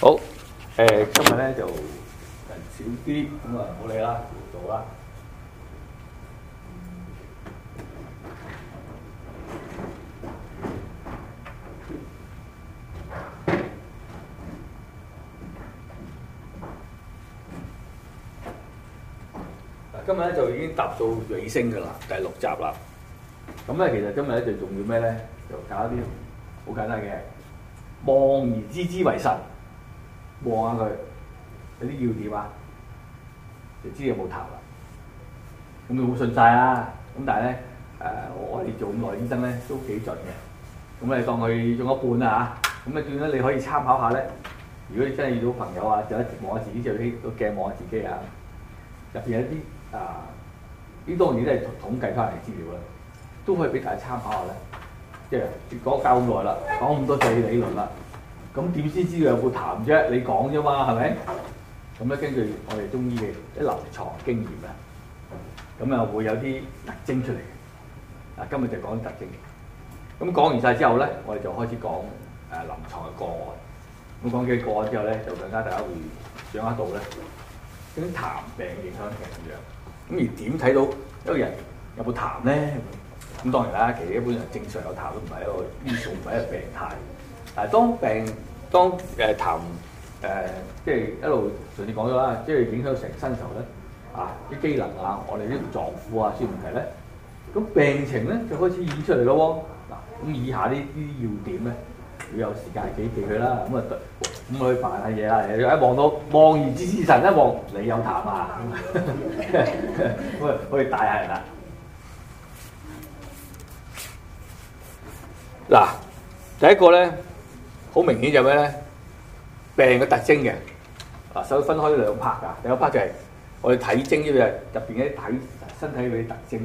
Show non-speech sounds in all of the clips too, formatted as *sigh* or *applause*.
好，誒、呃，今日咧就人少啲，咁啊，好理啦，做啦。今日咧就已經踏到尾聲噶啦，第六集啦。咁咧，其實今日咧最重要咩咧？就搞一啲好簡單嘅。望而知之為神，望下佢有啲要點啊，就知有冇頭啦。咁你好信晒、呃、啊！咁但係咧，我哋做咁耐醫生咧都幾準嘅。咁你當佢用一半啦，咁你變咗你可以參考下咧。如果你真係遇到朋友啊，就一直望下自己，就喺個鏡望下自己呀。入面有啲啊，啲當然都係統計翻嚟資料啦，都可以俾大家參考下呢。即係講教咁耐啦，講咁多細理論啦，咁點先知道有冇痰啫？你講啫嘛，係咪？咁咧，根據我哋中醫嘅一臨床經驗咧，咁又會有啲特徵出嚟。嗱，今日就講特徵。咁講完晒之後咧，我哋就開始講誒、呃、臨床嘅個案。咁講幾個案之後咧，就更加大家會掌握到咧，點痰病影響人樣。咁而點睇到一個人有冇痰咧？咁當然啦，其實一般人正常有痰都唔係一個異素，唔係一個病態。但係當病當誒痰誒即係一路順便講咗啦，即係影響成身頭咧，啊啲機能啊，我哋啲臟腑啊，諸多問題咧，咁病情咧就開始演出嚟咯喎。嗱、啊，咁、啊啊啊、以下呢啲要點咧，要有時間記記佢啦。咁啊，咁啊去扮下嘢啦，一望到望而之之神一望你有痰啊，咁可以大下人啦～嗱，第一個咧，好明顯就咩咧？病嘅特徵嘅，嗱，首分開兩 part 噶，第一 part 就係我哋體徵呢入邊嗰啲體身體嗰啲特徵。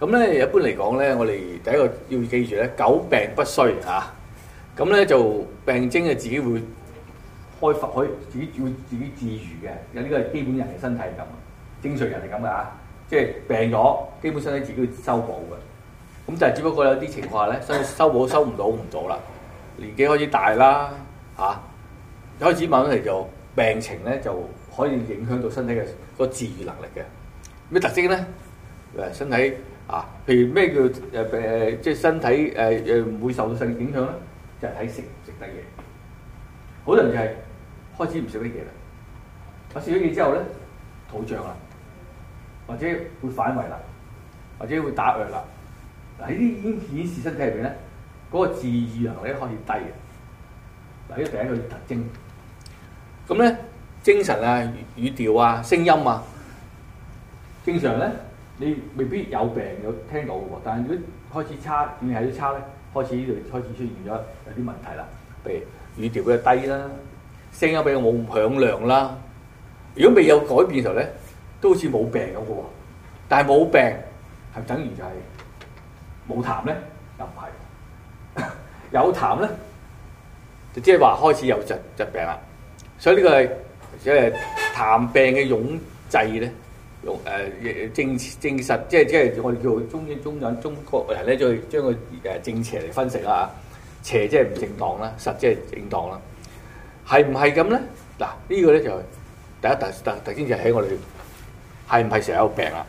咁咧一般嚟講咧，我哋第一個要記住咧，久病不衰嚇。咁、啊、咧就病徵嘅自己會開發可以自己自自己治愈嘅，因、這、呢個係基本人嘅身體咁，正常人係咁嘅，即係病咗，基本身體自己會修補嘅。咁但係只不過有啲情況咧，收收收唔到唔到啦，年紀開始大啦，一、啊、開始慢嚟就病情咧，就可以影響到身體嘅個治癒能力嘅。咩特色咧？身體啊，譬如咩叫、呃、即係身體誒唔、呃、會受到性影響咧，就係睇食唔食得嘢。好多人就係開始唔食啲嘢啦，我食咗嘢之後咧，肚脹啦，或者會反胃啦，或者會打藥啦。喺啲已經顯示身體入邊咧，嗰、嗰個自愈能力開始低嘅，嗱，呢第一個特徵。咁咧，精神啊、語、語調啊、聲音啊，正常咧你未必有病有聽到嘅喎，但係如果開始差，點解點差咧，開始呢度開始出現咗有啲問題啦。譬如語調比較低啦，聲音比較冇響亮啦。如果未有改變嘅時候咧，都好似冇病咁嘅喎，但係冇病係等於就係、係。冇痰咧，又唔係；有痰咧呢，就即係話開始有疾疾病啦。所以呢個係即係痰病嘅擁擠咧，用誒證證實，即係即係我哋叫中醫中人中國人咧，就將個誒正邪嚟分析啦。邪即係唔正當啦，實即係正當啦。係唔係咁咧？嗱，呢個咧就第一第第首先就喺我哋係唔係成日有病啊？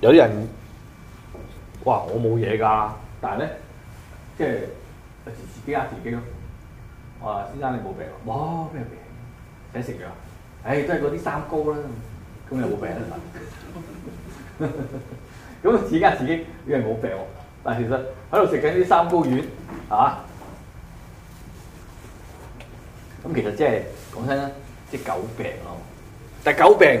有啲人，哇！我冇嘢噶，但係咧，即係自己呃自己咯。啊，先生你冇病喎，冇咩病，使食藥，誒，都係嗰啲三高啦。咁你冇病啊？咁而家自己以為冇病喎、啊，但係其實喺度食緊啲三高丸，嚇、啊。咁其實即係講真啦，即係狗病咯、啊，但係狗病。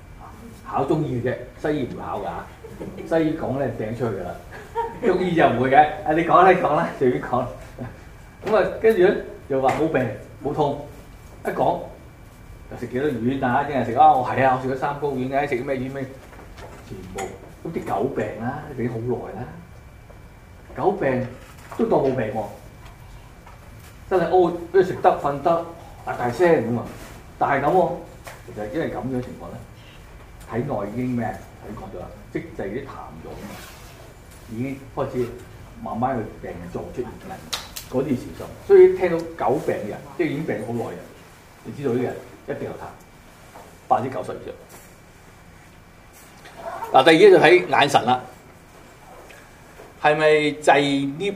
考中醫嘅啫，西醫唔考㗎。西醫講咧掟出去㗎啦，中醫就唔會嘅。啊，你講啦，講啦，隨便講。咁啊，跟住咧又話冇病冇痛，一講又食幾多魚，大家定係食啊，我係啊，我食咗三公魚㗎，食咩魚咩？全部。咁啲狗病啦、啊，已好耐啦。狗病都當冇病喎、啊，真係哦，佢食得瞓得，大大聲咁啊，大狗喎、啊，其實因為咁樣嘅情況咧。喺內已經咩？睇度咗，即滯啲痰咗啊，已經開始慢慢去病狀出現嗰啲事實，嗯、時所以聽到久病嘅人，即係已經病好耐嘅，你知道呢個人一定有痰，百分之九十以上。嗱、啊，第二就睇眼神啦，係咪滯捏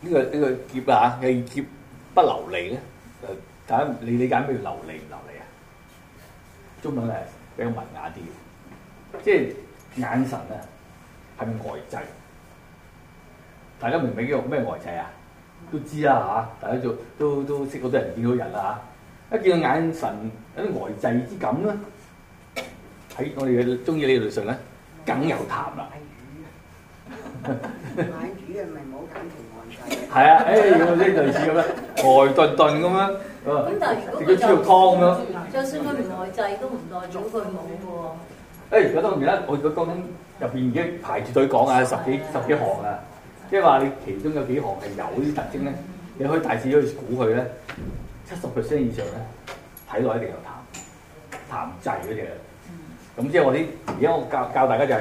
呢個呢、呢個結啊？嚇，結不流利咧？大、啊、家你理解咩叫流利唔流利啊？中文咧比較文雅啲即係眼神啊，係呆滯。大家明唔明叫咩呆滯啊？都知啦、啊、大家做都都識好多人見到人啦、啊、嚇。一見到眼神有啲呆滯之感咧，喺我哋嘅中醫理論上咧，梗有痰啦。買啊！買魚係冇咁平呆滯。係啊，誒、 *laughs* 哎，咁樣類似咁樣，呆頓頓咁樣。咁、啊、但係如果佢又湯咁就算佢唔呆滯都唔代表佢冇喎。誒而家當然啦，我個當中入邊已經排住隊講啊，十幾十幾行啊，即係話你其中有幾行係有呢啲特徵咧，你可以大致都可估佢咧，七十 percent 以上咧，睇落一定有痰痰滯嘅。其實。咁即係我啲而家我教教大家就係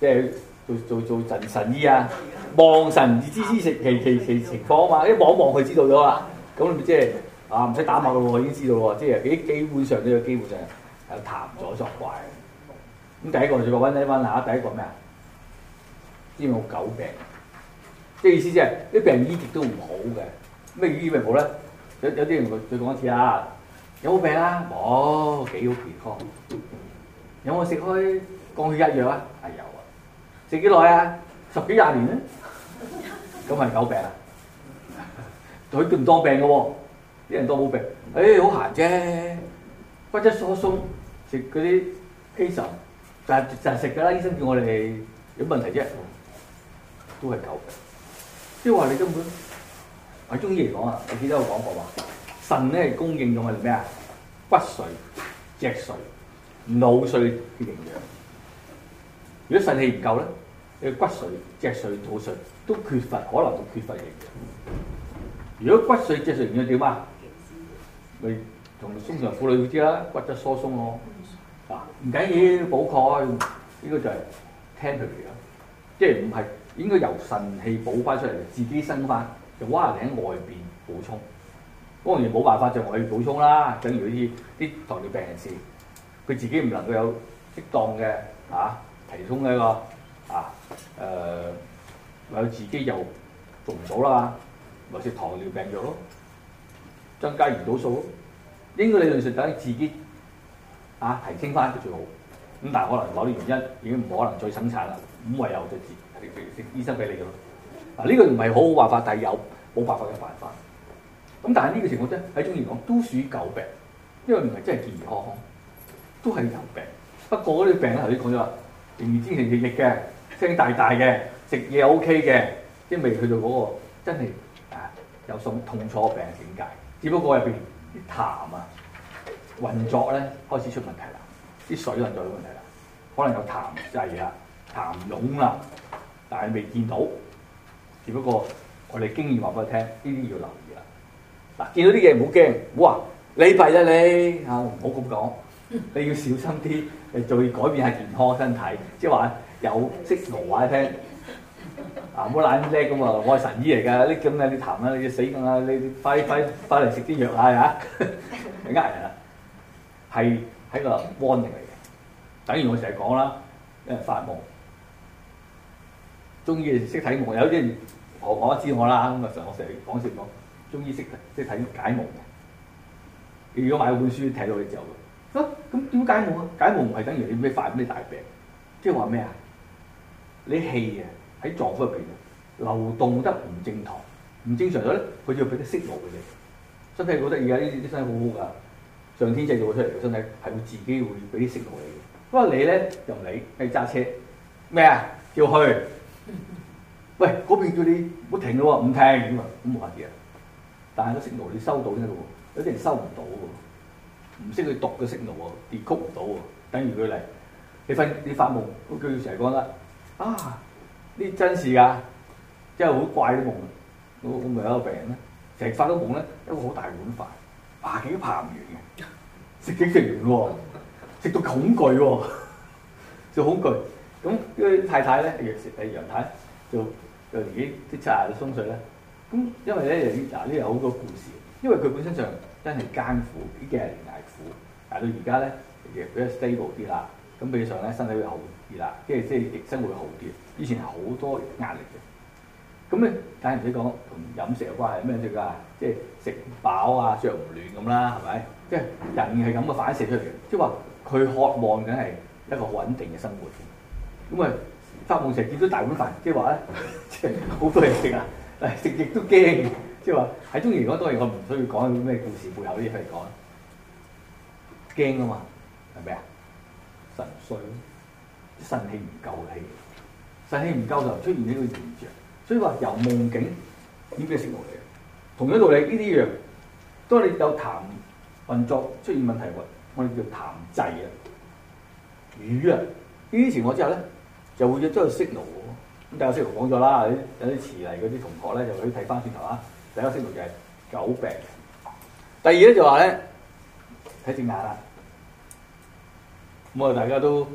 即係做做做神神醫啊，望神知知其其其情況啊嘛，一望望佢知道咗啦。咁你咪即係啊唔使打脈嘅喎，已經知道喎，即係基基本上都有機會就係有痰咗作怪。咁第一個就講揾一揾下，第一個咩啊？呢個狗病，即係意思即係啲病人醫極都唔好嘅，咩醫咪好咧？有有啲人再講一次啊！有冇病啊？冇。哦，幾好健康。有冇食開降血壓藥啊？係有啊，食幾耐啊？十幾廿年咧，咁咪狗病啊！佢咁多病嘅喎，啲人都好病。誒、哎，好閒啫，骨質疏鬆，食嗰啲激素。就係食噶啦，醫生叫我哋有問題啫，都係夠嘅。即係話你根本，喺中醫嚟講啊，我記得我講過話，腎咧係供應咗我哋咩啊？骨髓、脊髓、腦髓嘅營養。如果腎氣唔夠咧，你骨髓、脊髓、腦髓都缺乏，可能會缺乏營養。如果骨髓、脊髓營養點啊？咪同中年婦女會知啦，骨質疏鬆咯。唔緊要補鈣，呢、這個就係 temporary 啦，即係唔係應該由腎氣補翻出嚟，自己生翻，就話嚟喺外邊補充。當然冇辦法就我去補充啦，等於好似啲糖尿病人士，佢自己唔能夠有適當嘅啊提供呢個啊誒，有、呃、自己又做唔到啦，咪食糖尿病藥咯，增加胰島素咯，應該理論上等自己。啊，提升翻就最好。咁但係可能某啲原因已經唔可能再生產啦，咁唯有就食食醫生俾你嘅咯。啊、這個，呢個唔係好好辦法，但係有冇辦法嘅辦法。咁但係呢個情況咧，喺中醫嚟講都屬於舊病，因為唔係真係健康都係有病。不過嗰啲病咧，頭先講咗啦，仍然精神奕奕嘅，聲大大嘅，食嘢 OK 嘅，即係未去到嗰、那個真係啊有甚痛楚病嘅境界。只不過入邊啲痰啊～運作咧開始出問題啦，啲水運作都問題啦，可能有痰滯啊、痰擁啊，但係未見到，只不過我哋經驗話俾佢聽，呢啲要留意啦。嗱，見到啲嘢唔好驚，唔好話你弊啊你嚇，唔好咁講，你要小心啲，你仲要改變下健康身體，即係話有識講話聽，啊唔好懶叻咁啊，我係神醫嚟㗎，你咁啊你痰啊，你，你要死梗啊，你快快快嚟食啲藥啊嚇，你呃人啊！係喺個 warning 嚟嘅，等於我成日講啦，啲人發夢，中醫識睇夢，有啲人我我知我啦，咁我成日講笑講，中醫識夢，中醫識睇解夢嘅，如果買一本書睇到你之後啊，咁點解夢啊？怎解夢唔係等於你咩發咩大病，即係話咩啊？你氣啊喺臟腑入邊流動得唔正常，唔正常咗咧，佢就俾啲信號嘅嘢，身體覺得而家呢啲身體很好好㗎。上天製造出嚟嘅身體係會自己會俾啲訊號你嘅，你呢，不過你咧就唔理，你揸車咩啊？要去，喂嗰邊叫你唔好停咯喎，唔聽咁啊，咁冇下嘅。但係啲訊號你收到啫喎，有啲人收唔到喎，唔識去讀嘅訊號喎，跌曲唔到喎，等於佢嚟你瞓你發夢，佢叫佢成日講啦，啊呢真事㗎，真係好怪啲夢，我我咪有個病人咧，成日發到夢咧一個好大碗飯。爬幾都爬唔完嘅，食幾食，食完喎，食到恐懼喎，就恐懼。咁呢、呢個太太咧，楊氏，楊太，就就年紀即七廿歲咧。咁因為咧，嗱、啊、呢有好多故事，因為佢本身上真係艱苦，呢幾廿年捱苦，捱到而家咧亦比較 stable 啲啦。咁比上咧身體會好啲啦，即係即係生活會好啲。以前好多壓力。咁呢，梗係唔使講，同飲食有關係咩嘢㗎？即係食飽啊，著唔暖咁、啊、啦，係咪？即係人係咁嘅反射出嚟，即係話佢渴望緊係一個穩定嘅生活。咁咪發夢成日見到大碗飯，即係話呢，即係好多嘢食啊！食極都驚，即係話喺中醫嚟講，當然，我唔需要講咩故事背後啲嘢嚟講。驚啊嘛，係咪啊？腎衰咯，腎氣唔夠氣，腎氣唔夠就出現呢個現象。所以話由夢境演咩 signal 嚟？同一道理，呢啲嘢，當你有痰運作出現問題，我哋叫痰滯啊。瘀啊，呢啲情況之下咧，就會要將佢 signal。咁第一 signal 講咗啦，有啲遲嚟嗰啲同學咧，就會去睇翻轉頭嚇。第一 signal 就係狗病。第二咧就話咧，睇隻眼啊。咁我哋大家都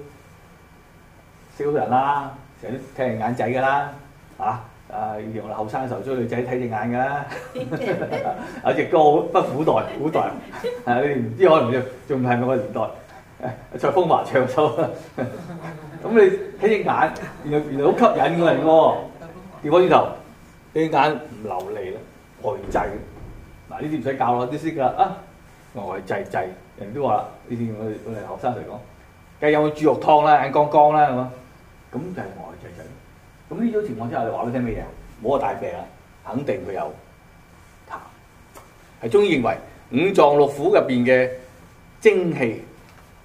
笑人啦，成日都踢人眼仔噶啦，啊誒原來後生嘅時候追女仔睇隻眼㗎，啊，哈哈 *laughs* 有隻歌不古代古，嗯，代。啊，啊，啊你唔知可能唔知仲唔係我個年代，誒蔡風華唱首，咁你睇隻眼原來原來好吸引㗎嚟喎，調翻轉頭你隻眼唔流利啦呆滯。嗱呢啲唔使教啦，啲識㗎啊呆滯滯，人，人，人都話呢啲我哋我哋後生嚟講，梗係有冇豬肉湯啦，眼光光啦咁啊，咁就係呆滯滯。咁呢種情況之下你你，你話佢聽乜嘢？冇個大病啊，肯定佢有痰。係中醫認為五臟六腑入邊嘅精氣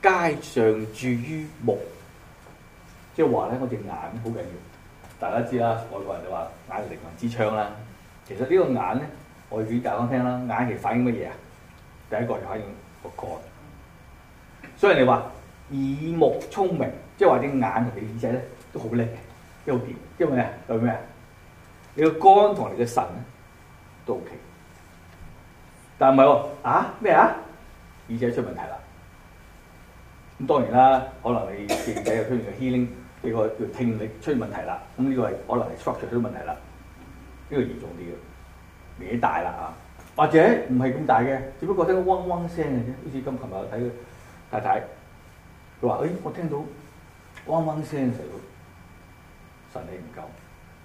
皆上注於目，即係話咧，我隻眼好緊要。大家知啦，外國人就話眼係靈魂之窗啦。其實呢個眼咧，我哋與大家分享啦，眼其實反映乜嘢啊？第一個就反映個肝，所以人哋話耳目聰明，即係話隻眼同你耳仔咧都好靈。因為因為咩啊？咩啊？你個肝同你嘅腎都 OK，但唔係喎，啊咩啊？耳仔出問題啦。咁當然啦，可能你耳仔又出現個 healing 呢個叫聽力出問題啦。咁、這、呢個係可能 structure 出問題啦，呢、這個嚴重啲嘅，嘜大啦啊！或者唔係咁大嘅，只不過聽嗡嗡聲嘅啫。好似今琴日我睇太太佢話：誒、哎，我聽到嗡嗡聲嘅時候腎氣唔夠，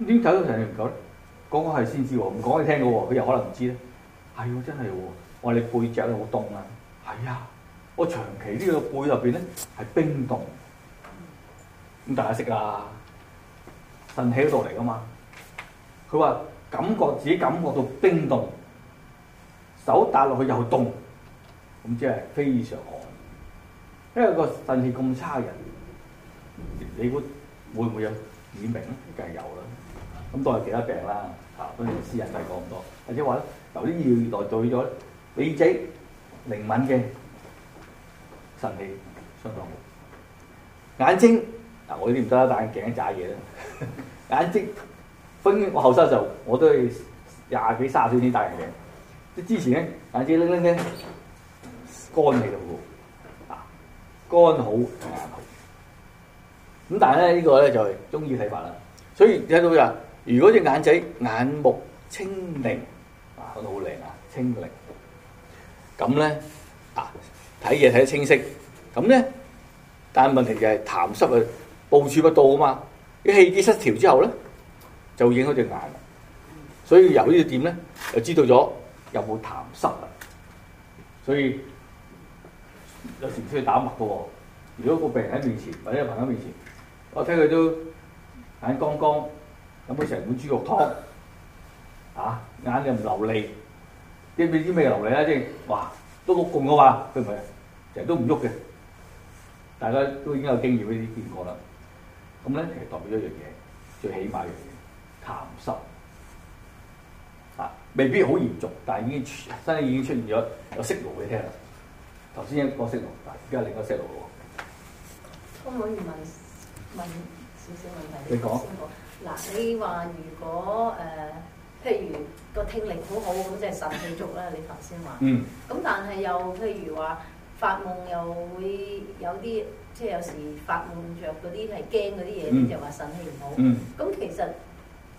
咁點睇到腎氣唔夠咧？講講係先知喎，唔講你聽嘅喎，佢又可能唔知咧。係、哎、喎，真係喎。我哋你背脊好凍啊。係啊，我長期呢個背入邊咧係冰凍。咁大家識啦，腎氣嗰度嚟嘅嘛。佢話感覺自己感覺到冰凍，手搭落去又凍，咁即係非常寒。因為個腎氣咁差嘅人，你會會唔會有？耳鳴梗係有啦，咁都係其他病啦，嚇，所以私人都係講唔多。或者話咧，有啲嘢來對咗耳仔靈敏嘅神氣相當好，眼睛，嗱，我呢啲唔得戴眼鏡揸嘢啦，眼睛分後生時候我都係廿幾卅歲先戴眼鏡，即之前咧眼睛拎拎咧乾氣都好，啊乾好。咁但係咧，呢個咧就係中醫睇法啦。所以你睇到就，如果隻眼仔眼目清靈，講到好靈啊，清靈。咁咧啊，睇嘢睇得清晰。咁咧，但係問題就係痰濕啊，部署不到啊嘛。啲氣機失調之後咧，就影咗隻眼。所以由呢個點咧，就知道咗有冇痰濕啦。所以有時唔需要打脈噶喎。如果個病人喺面前或者個朋友面前。我睇佢都眼光光，飲咗成碗豬肉湯，啊眼又唔流利，啲咩知咩流利啊？即係哇都碌共嘅嘛，佢唔係成日都唔喐嘅，大家都已經有經驗，呢啲見過啦。咁咧，其實代表一樣嘢，最起碼一樣嘢，痰濕啊，未必好嚴重，但係已經身體已經出現咗有息肉嘅聽啦。頭先一個息肉，而家另一個息肉可唔可以問？問少少問題，你講先說嗱，你話如果誒、呃，譬如個聽力好好咁，即係腎氣足啦。你頭先話，嗯，咁但係又譬如話發夢，又會有啲即係有時發夢着嗰啲係驚嗰啲嘢，嗯、就話腎氣唔好，咁、嗯、其實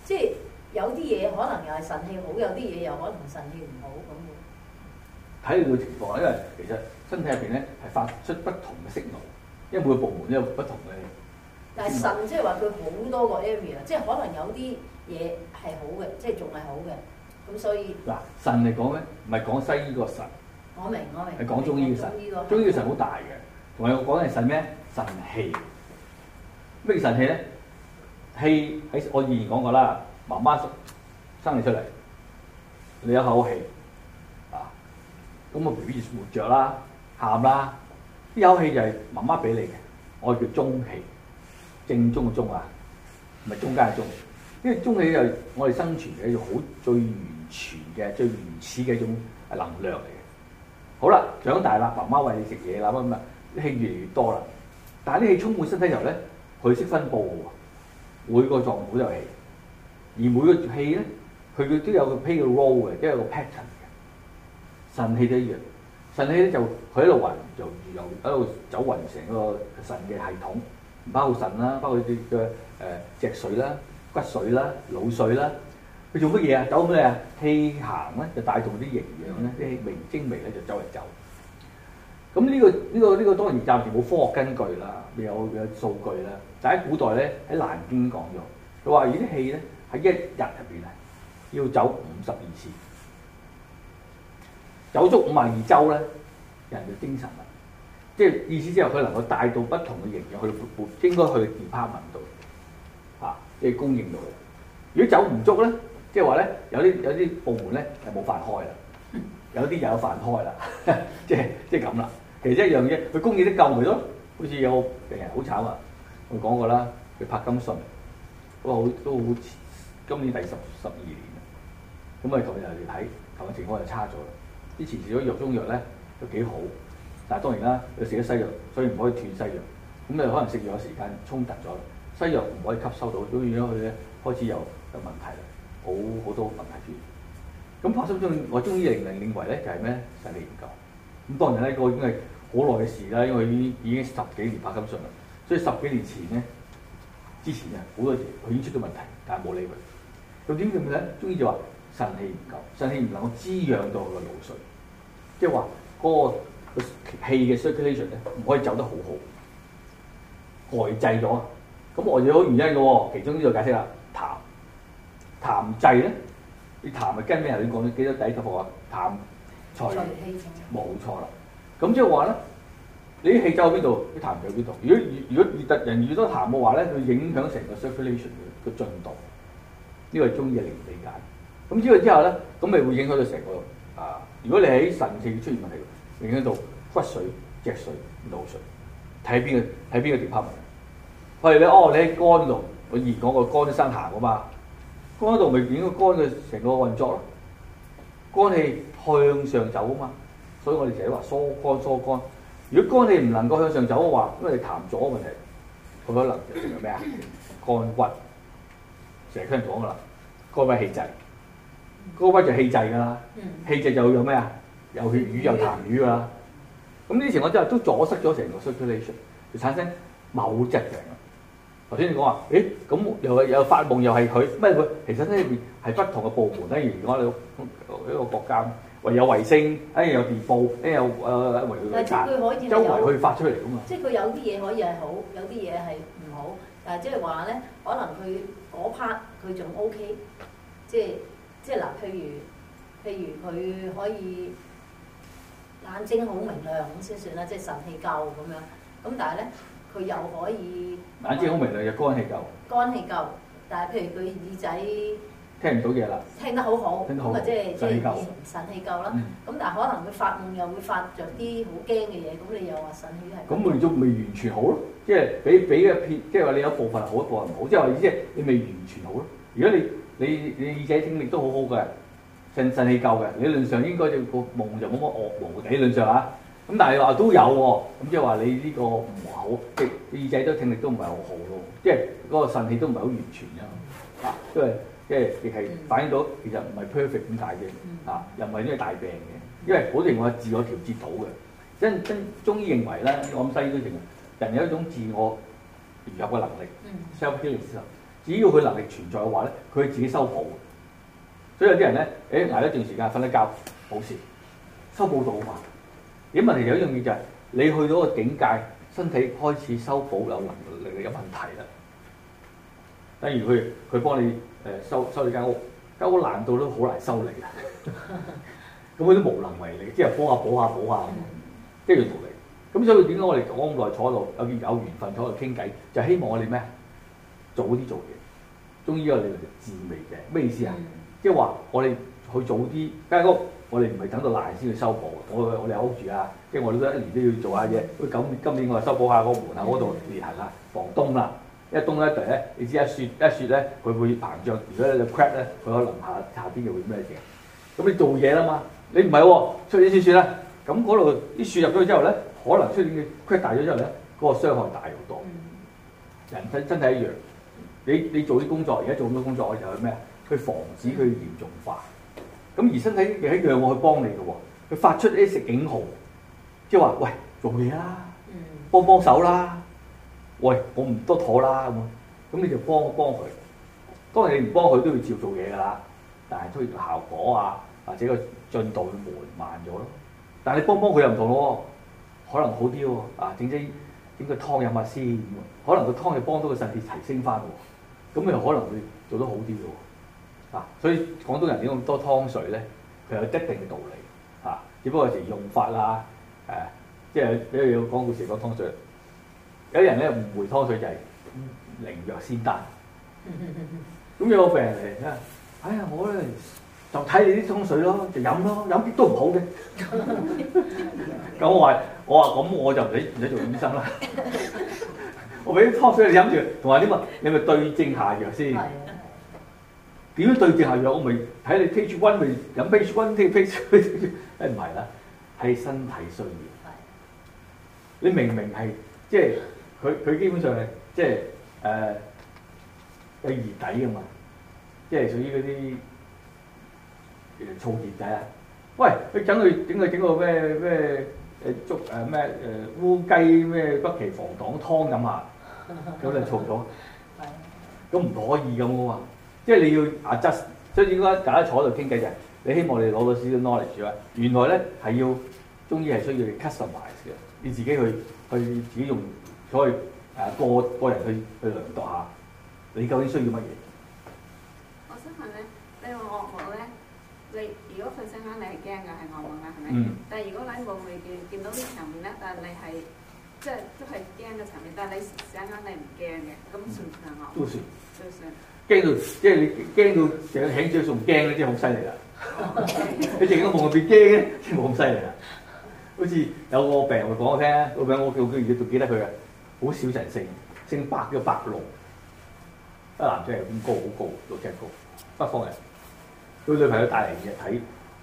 即係有啲嘢可能又係腎氣好，有啲嘢又可能腎氣唔好咁睇你個情況因為其實身體入邊咧係發出不同嘅訊號，因為每個部門都有不同嘅。但係腎即係話佢好多個 area，即係可能有啲嘢係好嘅，即係仲係好嘅咁，所以嗱腎嚟講咧，唔係講西醫個腎。明我明我明，係講中醫嘅腎。中醫嘅腎好大嘅。同埋我講嘅係腎咩？腎氣。咩叫腎氣咧？氣喺我以前講過啦，媽媽生你出嚟，你有口氣啊，咁啊，比活着啦、喊啦，呢口氣就係媽媽俾你嘅，我叫中氣。正宗嘅中啊，唔係中間嘅中，因為中氣又係我哋生存嘅好最完全嘅、最原始嘅一種能量嚟嘅。好啦，長大啦，爸爸餵你食嘢啦，乜乜啲氣越嚟越多啦。但係啲氣充滿身體之後咧，佢識分布喎，每個臟腑都有氣。而每個氣咧，佢都有佢 play 嘅 role 嘅，都有個 pattern 嘅。腎氣都一樣，腎氣咧就佢喺度運，就由喺度走運成個腎嘅系統。包神啦，包括啲嘅誒脊髓啦、骨髓啦、腦髓啦，佢做乜嘢啊？走咩啊？氣行咧就帶動啲營養咧，啲氣味精微咧就周圍走。咁、這、呢個呢、這個呢、這個這個當然暫時冇科學根據啦，未有嘅數據啦。但喺古代咧喺《難經》講咗，佢話：，呢啲氣咧喺一日入邊啊，要走五十二次，走足五十二周咧，人嘅精神啊！即係意思之，即係佢能夠帶到不同嘅營養去到，應該去 Department 度吓，即、啊、係、就是、供應到佢。如果走唔足咧，即係話咧，有啲有啲部門咧就冇飯開啦，有啲又有飯開啦，即係即係咁啦。其實一樣嘢，佢供應啲救命、就、咯、是，好似有病人好慘啊，我講過啦，佢柏金遜，哇好都好，今年第十十二年咁啊同人哋睇，琴日情況就差咗啦。之前食咗藥中藥咧，都幾好。但係當然啦，佢食咗西藥，所以唔可以斷西藥。咁你可能食藥嘅時間衝突咗，西藥唔可以吸收到，咁點樣去咧？開始有有問題啦，好好多問題出現。咁柏金森我，中，我中醫認認認為咧就係、是、咩？腎氣唔夠。咁當然咧，個已經係好耐嘅事啦，因為已經已經十幾年柏金森啦。所以十幾年前咧，之前啊好多時佢已經出咗問題，但係冇理佢。咁點解咧？中醫就話腎氣唔夠，腎氣唔能夠滋養到腦水、就是那個腦髓，即係話嗰氣嘅 circulation 咧，唔可以走得好好，外滯咗咁外滯好原因嘅喎，其中呢度解釋啦，痰痰滯咧，你痰係跟咩人？你講咗幾多第一課啊？痰才冇錯啦。咁即係話咧，你啲氣走去邊度，啲痰就邊度。如果如果越突人越多痰嘅話咧，佢影響成個 circulation 嘅嘅進度。呢、這個係中醫嘅理解。咁之後之後咧，咁咪會影響到成個啊。如果你喺神聖出現問題。影響到骨髓、脊髓、腦髓，睇邊個睇邊個 department。譬如你哦，你喺肝度，我而講個肝生痰啊嘛，肝度咪影響個肝嘅成個運作咯。肝氣向上走啊嘛，所以我哋成日都話疏肝疏肝。如果肝氣唔能夠向上走嘅話，因為你痰阻嘅問題，佢可能係咩啊？肝鬱，成日聽人講嘅啦。肝鬱氣滯，肝鬱就氣滯啦。氣滯就會有咩啊？有血瘀又痰瘀啊，啦，呢之雨前我真係都阻塞咗成個 circulation，就產生某疾病啊。頭先你講話，誒、欸、咁又又發夢又係佢，咩？佢其實咧係不同嘅部門咧。例如果你哋一個國家，誒有衛星，誒有電報，誒有誒圍圍察，呃、可以周圍去發出嚟咁嘛。即係佢有啲嘢可以係好，有啲嘢係唔好，但係即係話咧，可能佢嗰 part 佢仲 OK，即係即係嗱，譬如譬如佢可以。眼睛好明亮咁先算啦，嗯、即係神氣夠咁樣。咁但係咧，佢又可以眼睛好明亮，又肝看氣夠。肝氣夠，但係譬如佢耳仔聽唔到嘢啦，聽得好聽得好咁啊，即係、就係、神氣夠啦。咁、嗯、但係可能佢發夢又會發着啲好驚嘅嘢，咁你又話神氣係咁，咪仲未完全好咯？即係比比一片，即係話你有部分好，一部分唔好，即係話即係你未完全好咯。如果你你你，你耳仔聽力都好好嘅。腎腎氣夠嘅，理論上應該就個夢就冇乜惡夢。理論上啊，咁但係話都有喎，咁即係話你呢個唔係好，即耳仔都聽力都唔係好好咯，即係嗰個腎氣都唔係好完全啫。啊，因為即係亦係反映到其實唔係 perfect 咁大嘅，啊，又唔係呢個大病嘅，因為嗰定我係自我調節到嘅，即真，真中醫認為咧，我諗西醫都認為，人有一種自我入嘅能力，self healing 能力，嗯、只要佢能力存在嘅話咧，佢自己修補。所以有啲人咧，誒、哎、捱一段時間，瞓一覺，冇事修補到嘛？點問題有一樣嘢，就係你去到個境界，身體開始修補有能力有問題啦。例如佢佢幫你誒修修你間屋，間屋爛到都好難修理啊！咁 *laughs* 佢都無能為力，即係補下補下補下咁，即係無力。咁所以點解我哋講咁耐坐度有見有緣分坐度傾偈，就希望我哋咩早啲做嘢。中醫個理論就治未病。咩意思啊？嗯即係話，我哋去早啲間屋，我哋唔係等到爛先去修補。我我哋有屋住啊，即係我哋都一年都要做下嘢。佢今今年我哋修補下個門口嗰度裂痕啊，防冬啦。一冬一第一你知一雪一雪咧，佢會膨脹。如果你嘅 crack 咧，佢可能下下邊又會咩嘢？咁你做嘢啦嘛，你唔係喎，出啲雪算啦。咁嗰度啲雪入咗去之後咧，可能出現嘅 crack 大咗之後咧，嗰、嗰個傷害大又多。人身身體一樣，你你做啲工作，而家做咁多工作，我就去咩去防止佢嚴重化，咁而身體亦一樣，我去幫你嘅喎，佢發出一啲警號，即係話：喂，做嘢啦，幫幫手啦，喂，我唔多妥啦，咁咁你就幫幫佢。當然你唔幫佢都要照做嘢㗎啦，但係都要效果啊，或者個進度會緩慢咗咯。但係你幫幫佢又唔同咯，可能好啲喎啊！整隻點個湯飲下先，咁可能個湯係幫到個細節提升翻喎，咁又可能會做得好啲嘅喎。嗱、啊，所以廣東人點咁多湯水咧？佢有一定嘅道理嚇、啊，只不過其用法啦，誒、啊，即、就、係、是、比如講故事講湯水，有一人咧誤會湯水就係靈藥仙丹。咁 *laughs* 有個病人嚟啦，哎呀我咧就睇你啲湯水咯，就飲咯，飲啲都唔好嘅，咁 *laughs* *laughs* 我話我話咁我就唔使唔使做醫生啦， *laughs* 我俾啲湯水你飲住，同埋點啊？你咪對症下藥先。 *laughs* *laughs* 點對症下藥？我咪睇你 page one 咪飲 page one，即係 page，誒唔係啦，係身體需要。你明明係即係佢佢基本上係即係誒、呃、熱底噶嘛，即係屬於嗰啲燥熱底啊。喂，你整佢整佢整個咩咩誒粥誒咩誒烏雞咩北芪防黨湯飲下，咁你燥咗，燥？咁唔可以咁噶喎。即係你要 adjust，所以點解大家坐喺度傾偈就係你希望你攞到少少 knowledge 咧？原來咧係要中醫係需要你 customize 嘅，你自己去去自己用，可以誒個個人去去量度下你究竟需要乜嘢。我想問咧？你話噩夢咧？你如果瞓醒間你係驚嘅係噩夢㗎係咪？嗯、但係如果喺夢裏見見到啲場面咧，但係你係即係都係驚嘅場面，但係醒間你唔驚嘅，咁算唔算啊？都算，都算。嗯以驚到，到，到，到，即係你驚到成日影住佢仲驚咧，真係好犀利啦！你成日都望下邊驚咧，先冇咁犀利啦。好似有個病，我講我聽啊，個名我叫叫叫，記得佢嘅，好少人姓，姓白嘅白龍，啊男仔又咁高，好高六尺高，北方人。佢女朋友帶嚟嘅，睇，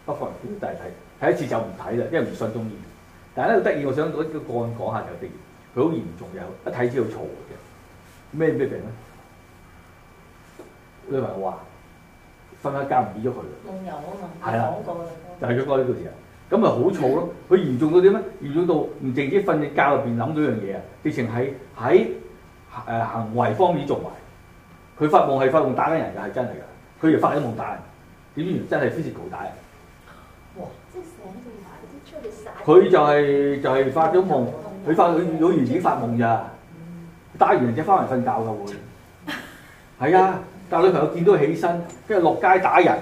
北方人點帶睇？睇一次就唔睇啦，因為唔信中醫。但係咧好得意，我想攞個，個案講下就得、是、意。佢好嚴重有一睇知道錯嘅。咩咩病咧？你咪話瞓一覺唔醫咗佢啦？夢遊啊嘛，講過啦，就係佢講呢段事啊。咁咪好躁咯。佢嚴重到點咩？嚴重到唔淨止瞓住覺入邊諗到樣嘢啊！直情喺喺誒行為方面做壞。佢發夢係發夢打緊人嘅係真係㗎。佢而發咗夢打人，點知真係非常巨大，佢就係就發咗夢,夢,夢，佢發到有原始發夢㗎，打完人之後翻嚟瞓覺㗎會。係啊。但女朋友見到佢起身，跟住落街打人，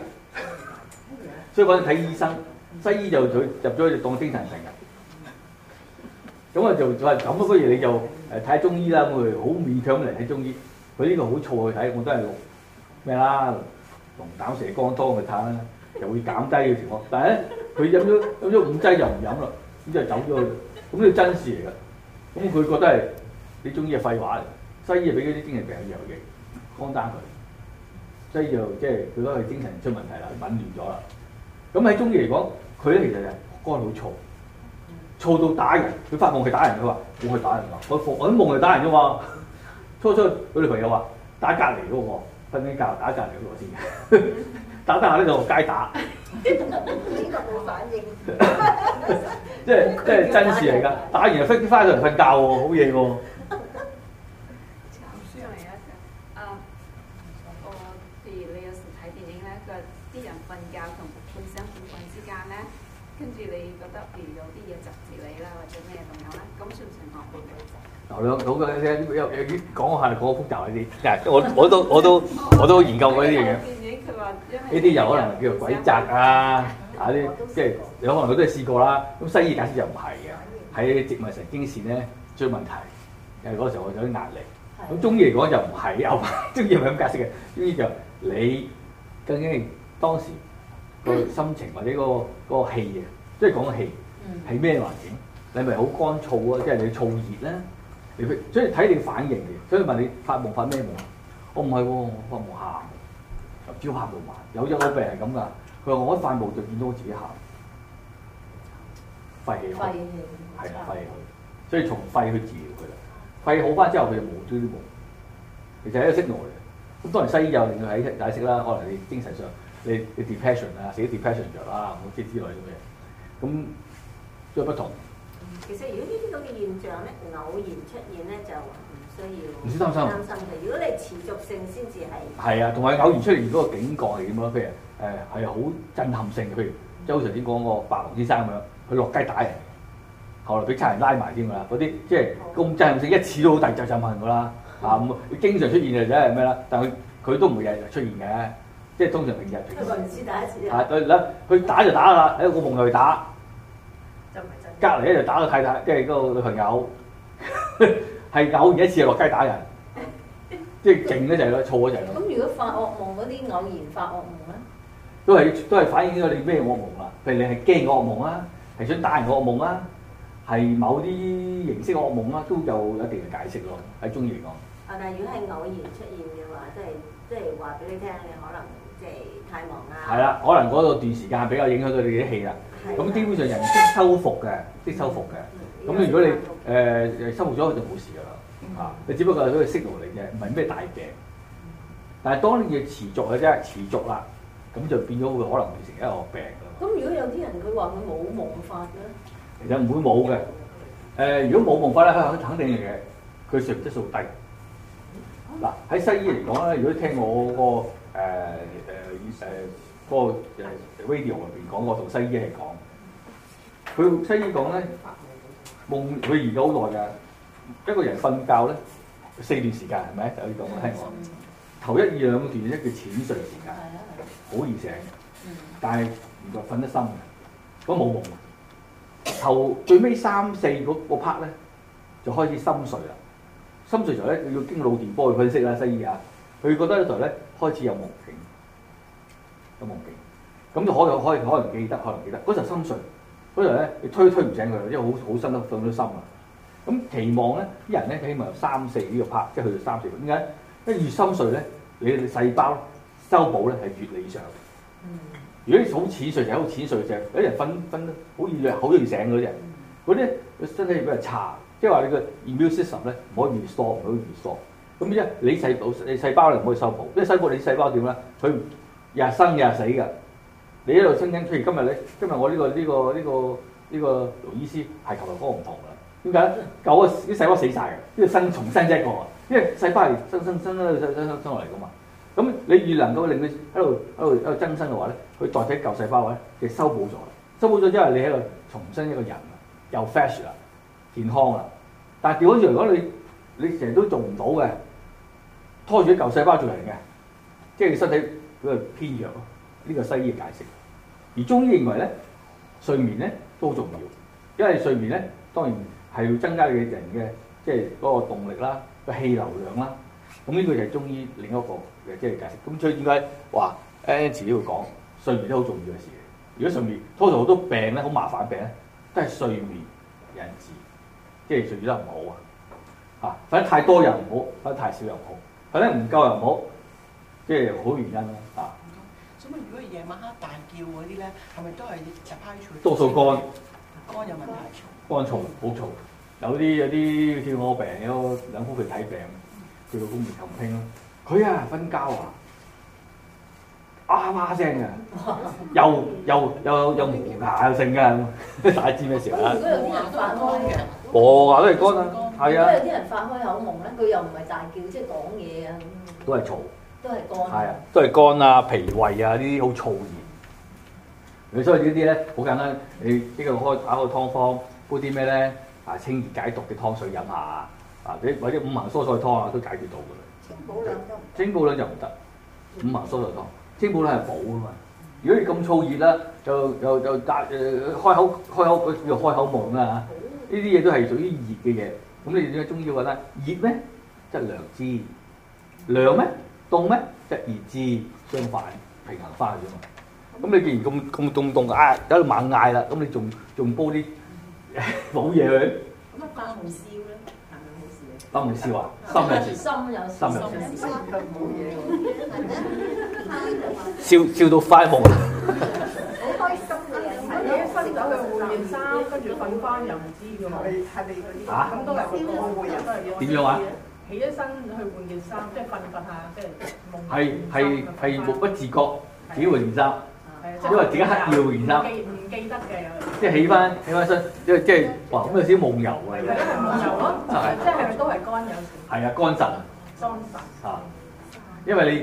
所以揾佢睇醫生。西醫就佢入咗去當精神病人，咁啊就就係咁咯。不如你就誒睇中醫啦。我哋好勉強嚟睇中醫，佢呢度好燥去睇，我都係龍咩啦，龍膽瀉肝湯去睇啦，就會減低嘅情況。但係咧，佢飲咗飲咗五劑又唔飲啦，咁就走咗去。咁呢個真事嚟噶。咁佢覺得係你中醫係廢話，西醫係俾嗰啲精神病人嘅，幹單佢。所以就即係佢嗰個精神出問題啦，紊亂咗啦。咁喺中醫嚟講，佢咧其實係肝好燥，燥到打人，佢發夢去打人，佢話我去打人㗎，我我喺夢就打人㗎嘛。初初佢女朋友話打隔離嗰，瞓緊覺打隔離嗰個，先打得下呢就街打。呢個冇反應。 *laughs* 即係即係真事嚟㗎，打完又飛翻嚟瞓覺喎，好嘢喎。好講下先，有有啲講下複雜啲。我我都我都我都研究過呢啲嘢。呢啲又可能叫做鬼責啊，啊啲即係你可能都試我都試過啦。咁西醫解釋就唔係嘅，喺植物神經線咧最問題。係、就、嗰、是、時候我有啲壓力。咁的中醫嚟講就唔係啊，中醫係咁解釋嘅。中醫就是你究竟當時個心情或者、個、個氣啊，即係講個氣係咩環境？你係咪好乾燥啊？即係你燥熱咧？你所以睇你的反應嚟，所以問你發夢發咩夢、哦哦？我唔係喎，發夢喊，朝下夢幻。有隻老病係咁噶，佢話我一發夢就見到我自己喊，肺氣，係啦，肺氣，所以從肺去治療佢啦。肺好翻之後，佢就冇端端夢，其實係一個息內嘅。咁當然西醫又令佢喺解釋啦，可能你精神上你你 depression 啊 dep，死 depression 咗啦，之之類嘅咁都係不同。其實如果呢啲咁嘅現象咧偶然出現咧就唔需要唔使擔心。不擔心嘅，如果你持續性先至係。係啊，同埋偶然出現嗰個警覺嚟嘅咁，譬如誒係好震撼性，譬如即係好似頭先講個白龍先生咁樣，佢落街打人，後來俾差人拉埋添㗎啦。嗰啲即係咁震撼性，一次都好大就震撼性㗎啦。嗯、啊，咁你經常出現嘅就真係咩啦？但係佢佢都唔會日日出現嘅，即係通常平日。佢唔知第一次。佢、啊、打就打啦，喺個夢裏去打，隔離咧就打到太太，即係嗰個女朋友，係 *laughs* *laughs* 偶然一次落街打人， *laughs* 即係勁咧就係咯，錯就係咯。咁如果發噩夢嗰啲偶然發噩夢咧，都係都係反映咗你咩噩夢啦？譬如你係驚噩夢啊，係想打人噩夢啊，係某啲形式噩夢啊，都有一定嘅解釋咯，喺中醫嚟講。啊，但係如果係偶然出現嘅話，即係即係話俾你聽，你可能。太忙啦，係啦，可能嗰個段時間比較影響到你啲氣啦。咁基本上人識修復嘅，即修復嘅。咁如果你誒修復咗，佢就冇事噶啦。啊，你只不過係嗰個息肉嚟嘅，唔係咩大病。但係當你要持續嘅啫，持續啦，咁就變咗會可能變成一個病。咁如果有啲人佢話佢冇夢法咧，其實唔會冇嘅。誒，如果冇夢法咧，肯定嘅，佢睡眠質素低。嗱，喺西醫嚟講咧，如果聽我個。誒誒誒，嗰、呃呃呃那個誒 radio 入邊講個同西醫係講，佢西醫講咧夢佢而家好耐㗎，一個人瞓覺咧四段時間係咪？就呢、是、個我頭一二兩段咧叫淺睡時間，好易醒，但係唔夠瞓得深嘅，咁冇夢。頭最尾三四個個 part 咧就開始深睡啦，深睡時候咧要經腦電波去分析啦，西醫啊，佢覺得咧就咧。開始有夢境，有夢境，咁就可能，可能，可能記得，可能記得。嗰時候深睡，嗰時候咧你推都推唔醒佢，因為好好深得放咗心啊。咁期望咧，啲人咧起碼有三四呢個拍，即係去到三四。點解？因為越深睡咧，你嘅細胞修補咧係越理想。如果好淺睡成，好淺睡成，有啲人瞓瞓得好易，好容易醒嗰啲人，嗰啲身體比較差，即係話你個 immunisation 咧冇 restore，冇 restore。咁咩啫？你細胞，你細胞唔可以修補啲細胞。你啲細胞點咧？佢日生日死嘅。你一申生譬如今日咧，今日我呢個呢個呢個呢個盧醫師係求同方唔同啦。點解咧？舊啲細胞死晒嘅，因為生重生一個，因為細胞係生生生生生生落嚟嘅嘛。咁你越能夠令佢喺度喺度喺度增生嘅話咧，佢代替舊細胞嘅話咧，就修補咗。修補咗之後，你喺度重生一個人，又 fresh 啦，健康啦。但係調翻轉，如果你你成日都做唔到嘅。拖住啲舊細胞做人嘅，即係身體嗰個偏弱咯。呢個西醫嘅解釋，而中醫認為咧，睡眠咧都好重要，因為睡眠咧當然係要增加嘅人嘅即係嗰個動力啦，個氣流量啦。咁、那、呢個就係中醫另一個嘅即係解釋。咁所以應該話，Nancy 遲啲講睡眠都好重要嘅事。如果睡眠拖咗好多病咧，好麻煩病咧，都係睡眠引致，即係睡得唔好啊。啊，瞓得太多又唔好，瞓得太少又唔好。可能唔夠又好，即係好原因咯，啊！咁如果夜晚黑大叫嗰啲咧，係咪都係食排除？多數肝肝有問題，肝燥乾，好重，有啲有啲癲過病，有兩夫婦去睇病，叫個公唔夠興咯。佢啊，瞓覺啊，啊哇聲嘅，又又 *laughs* 又又唔見牙又剩㗎，都唔知咩事啦。有啲肝嘅，我都係肝啊。啊、因為有啲人發開口夢咧，佢又唔係大叫，即係講嘢啊，都係燥，都係乾，係啊，都係乾啊、脾胃啊呢啲好燥熱。你所以呢啲咧好簡單，你呢個開打個湯方煲啲咩咧啊，清熱解毒嘅湯水飲下啊，或者五行蔬菜湯啊都解決到噶啦。清補涼都唔清補涼就唔得，五行蔬菜湯清補涼係補噶嘛。如果你咁燥熱咧，就就就加誒開口開口叫開口夢啦嚇。呢啲嘢都係屬於熱嘅嘢。咁你點解中醫話咧，熱咩？即係涼之；涼咩，凍咩，即、就、係、是、熱之，相反，平衡翻嘅啫嘛。咁、嗯、你既然咁咁凍凍嘅，啊喺度猛嗌啦，咁你仲仲煲啲冇嘢去？咁啊發紅燒啦，冇、哎、事。發紅燒啊，心有事。心有心有。笑笑到快紅。 *laughs* 件衫跟住瞓翻又唔知嘅嘛，啲，咁都嚟，我每日都係要點樣話？起咗身去換件衫，即係瞓瞓下，即係夢。係係係，無不自覺，自己換件衫？因為自己刻意掉換件衫？記唔記得嘅？即係起翻起翻身，即係即係哇！咁有少少夢遊啊！即係咪都係乾油？係啊，乾實啊，乾實啊，因為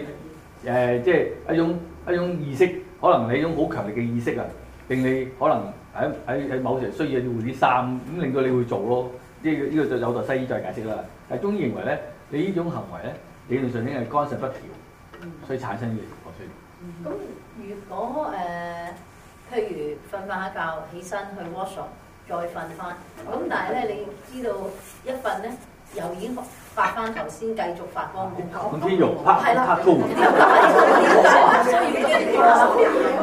你誒即係一種一種意識，可能你一種好強烈嘅意識啊，令你可能。喺喺喺某時需要要換啲衫，咁令到你會做咯。呢、這個呢、這個、就有待西醫再解釋啦。但係中醫認為咧，你呢種行為咧，理論上應係肝腎不調，嗯、所以產生呢個情況出現。咁如果、呃、譬如瞓瞓下覺，起身去 washroom，再瞓翻。咁但係咧，你知道一瞓咧又已經發翻頭先，繼續發光。咁天用拍？係啦，拍拖唔需要經過，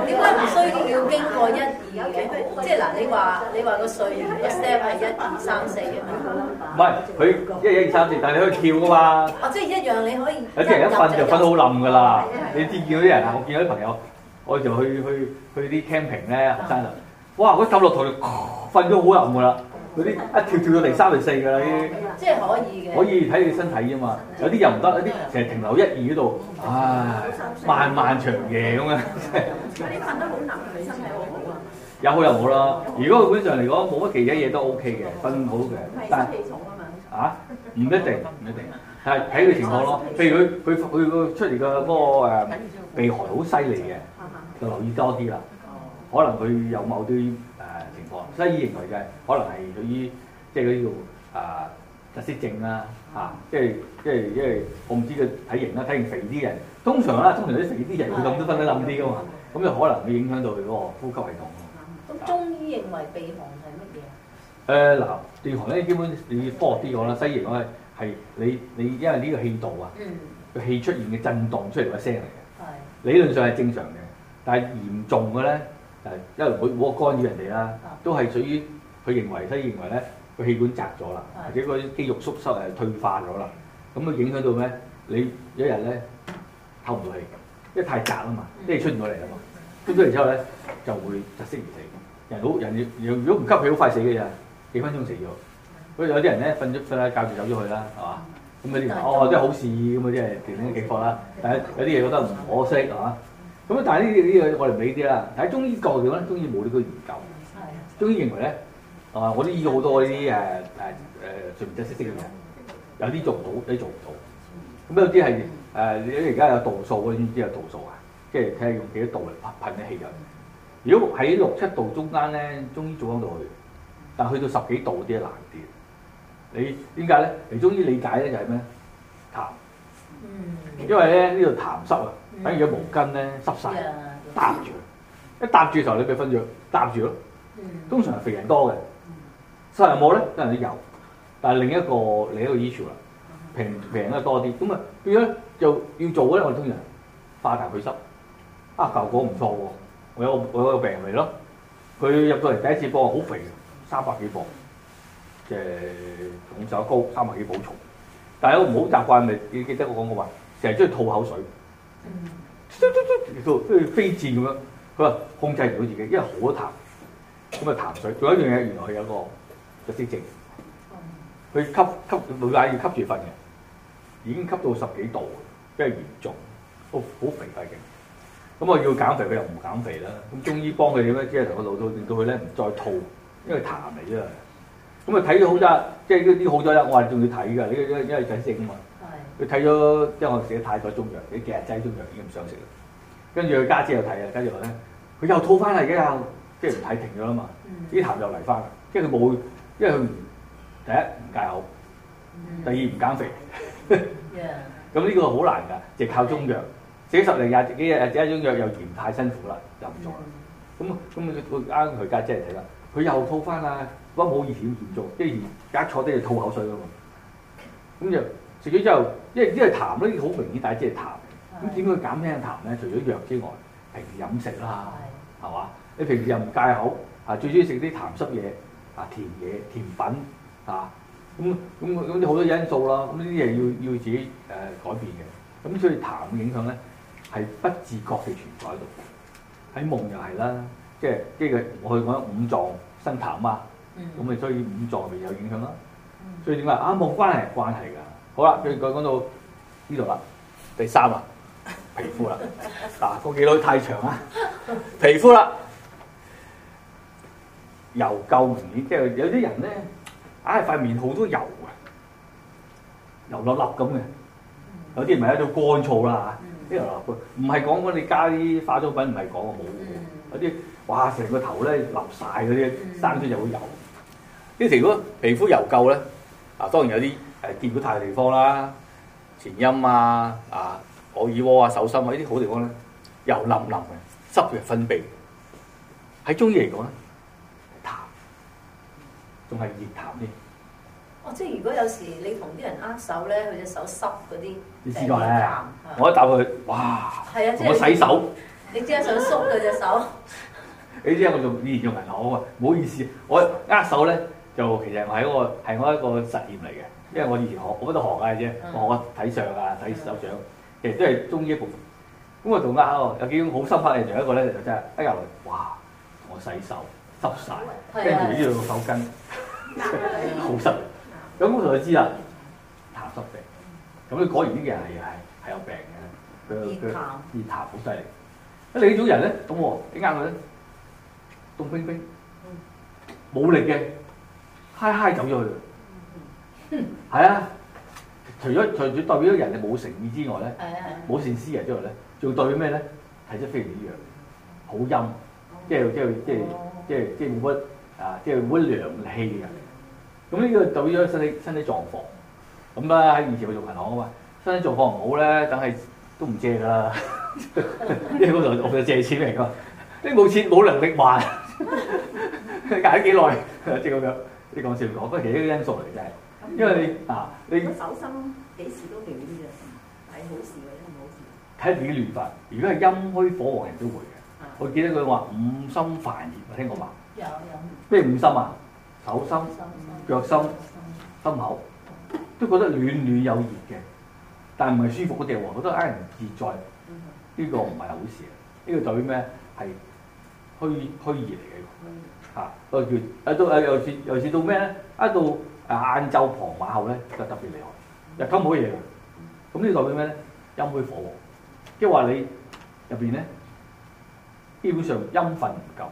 點解唔需要經過一二嘅？即係嗱，你話你話個稅個 step 係一二三四嘅。唔係，佢一一二三四，但係你可以跳噶嘛？即係一樣，你可以。有啲人一瞓就瞓得好冧噶啦。你知唔啲人、嗯、我見有啲朋友，我就去去去啲 camping 咧山度，啊嗯、哇！嗰十六台瞓咗好冧噶啦。對啲一跳跳到第三定四㗎啦啲，即係可以嘅。可以睇你身體啫嘛，有啲又唔得，有啲其實停留一二嗰度，唉、啊，漫漫長夜咁樣。嗰啲瞓得好難，佢身體好好啊？有好又好啦。如果佢本上嚟講，冇乜其他嘢都 OK 嘅，瞓好嘅。但係啊，唔一定，唔一定係睇佢情況咯。譬如佢佢佢出嚟個嗰個誒鼻鼾好犀利嘅，就留意多啲啦。可能佢有某啲。西醫認為就可能係對於即係嗰啲叫啊窒息症啦嚇，即係、這個呃啊、即係因為我唔知個體型啦，體型肥啲人，通常啦，通常啲肥啲人會咁、嗯、都分得冧啲噶嘛，咁、嗯、就可能會影響到佢嗰個呼吸系統。咁、嗯嗯嗯、中醫認為鼻鼾係乜嘢？誒嗱、呃，鼻鼾咧基本上你要科學啲講啦，西醫講係係你你因為呢個氣道啊，個、嗯、氣出現嘅震動出嚟嘅聲嚟嘅，嗯、理論上係正常嘅，但係嚴重嘅咧。因為冇冇干預人哋啦，都係屬於佢認為，佢認為咧個氣管窄咗啦，或者嗰啲肌肉縮縮誒退化咗啦，咁啊影響到咩？你有一日咧透唔到氣，因為太窄啊嘛，啲氣出唔到嚟啊嘛，出咗嚟之後咧就會窒息而死。人好，人如果唔吸氣好快就死嘅，人幾分鐘死咗。所以有啲人咧瞓咗瞓啦，教住走咗去啦，係嘛？咁嗰啲哦，即啲好事咁啊，即係電影嘅情況啦。誒，有啲嘢覺得唔可惜，係嘛？咁但係呢啲呢個我哋畀啲啦。喺中醫角度咧，中醫冇呢個研究。係啊。中醫認為咧，啊我啲醫好多呢啲誒誒誒睡眠窒息症嘅嘢，有啲做唔到，有啲做唔到。咁有啲係誒，你而家有度數，我先知有度數啊。即係睇下用幾多度嚟噴噴啲氣入。如果喺六七度中間咧，中醫做得到去。但係去到十幾度啲難啲。你點解咧？你中醫理解咧就係咩？痰。因為咧呢度痰濕啊。等住啲毛巾咧，濕晒，搭住，一搭住嘅時候你咪瞓著，搭住咯。通常係肥人多嘅，瘦人冇咧，得人哋油。但係另一個另一個醫療啦，平平得多啲。咁啊變咗就要做咧，我哋通常化痰去濕。啊效果唔錯喎，我有我有個病人嚟咯，佢入到嚟第一次幫我，好肥，三百幾磅嘅，體、就係、重又高，三百幾磅重。但係我唔好習慣，咪你記得我講過話，成日中意吐口水。嘟嘟嘟，到、嗯、飛箭咁樣，佢話控制唔到自己，因為好多痰，咁啊痰水。仲有一樣嘢，原來佢有個窒息症，佢吸吸每晚要吸住瞓嘅，已經吸到十幾度，真係嚴重，好好肥肺嘅。咁我要減肥，佢又唔減肥啦。咁中醫幫佢點樣？即係同個老道令到佢咧唔再吐，因為痰嚟啫。咁啊睇咗好咗，即係啲好咗啦。我話仲要睇㗎，呢個因為因為症症啊嘛。佢睇咗，即係我寫太多中藥，寫幾日劑中藥已經唔想食啦。跟住佢家姐又睇啊，跟住話咧，佢又吐翻嚟家啦，即係唔睇停咗啊嘛。啲痰、嗯、又嚟翻，因為佢冇，因為佢唔第一唔戒口，第二唔減肥。咁呢 Yeah. 個好難㗎，就靠中藥寫十零廿幾日，寫一中藥又嫌太辛苦啦，又唔做啦。咁咁佢啱佢家姐嚟睇啦，佢又吐翻啦，不過冇以前嚴重，即係而家坐低就吐口水嘛。咁就食咗之後。因為因為痰咧好明顯，大家即係痰。咁點解減輕痰咧？除咗藥之外，平時飲食啦，係嘛是的？你平時又唔戒口，啊最中意食啲痰濕嘢啊甜嘢甜品啊，咁咁咁啲好多因素啦。咁呢啲嘢要要，要自己誒、呃、改變嘅。咁所以痰嘅影響咧係不自覺地存在喺度。喺夢又係啦，即係即係我去講五臟生痰啊，咁咪、嗯嗯、所以五臟咪有影響啦。所以點解啊冇關係是關係噶？好啦，最近講到呢度啦，第三啊，皮膚啦，嗱個幾耐太長啦，皮膚啦油垢唔易，即係有啲人咧，唉塊面好多油嘅，油粒粒咁嘅，有啲咪喺度乾燥啦嚇，啲油粒粒唔係講緊你加啲化妝品唔係講好嘅喎，有啲哇成個頭咧粒晒嗰啲生出就會油，呢皮膚皮膚油垢咧，嗱當然有啲。誒，腱骨大嘅地方啦，前陰啊，啊，耳窩啊，手心啊，呢啲好地方咧，又淋淋嘅，濕嘅分泌。喺中醫嚟講咧，痰仲係熱痰添。哦，即係如果有時你同啲人握手咧，佢隻手濕嗰啲，你試過是我一搭佢，哇！啊、我洗手。即你， *laughs* 你即刻想縮佢隻手？你知係我用語言用銀行啊！唔好意思，我握手咧，就其實係係我係一個係我一個實驗嚟嘅。因為我以前學，我乜都學嘅啫，我睇相啊，睇手掌，其實都係中醫一部分。咁我同啱喎，有幾種好深刻印象一個咧就真係，啱我，哇！我洗手濕晒，的跟住呢條手巾好濕。咁我就知啦，痰濕病。咁、嗯、你改完果然啲人係係係有病嘅，佢痰熱痰好犀利。你呢種人咧，咁喎，啱我咧，凍冰冰，冇力嘅，嗨嗨走咗去了。係啊，除咗除咗代表咗人哋冇誠意之外咧，冇善思啊之外咧，仲代表咩咧？體質非同於人，好陰，即係即係即係即係即係冇乜啊！即係冇乜涼氣嘅。咁呢個代表咗身體身體狀況。咁啦，喺以前我做銀行啊嘛，身體狀況唔好咧，梗係都唔借噶啦。因為我就我就借錢嚟㗎，你冇錢冇能力還，隔咗幾耐？即係咁樣。你講笑講，不過其實呢個因素嚟嘅。因為你嗱，你手心幾時都暖啲嘅，係好事嘅，唔係好事。睇自己亂發，如果係陰虛火旺人都會嘅。啊、我記得佢話五心煩熱，聽過嘛？有有。咩五心啊？手心、心腳心、嗯、心口，都覺得暖暖有熱嘅，但唔係舒服嗰地王覺得哎唔自在。呢、這個唔係好事，這個嗯、啊！呢個就叫咩？係虛虛熱嚟嘅。嚇，個月喺度，喺又似又似到咩咧？喺、啊、度。晏晝傍晚後咧，就特別厲害，日冚冇嘢嘅。咁呢代表咩咧？陰虛火旺，即係話你入邊咧，基本上陰分唔夠，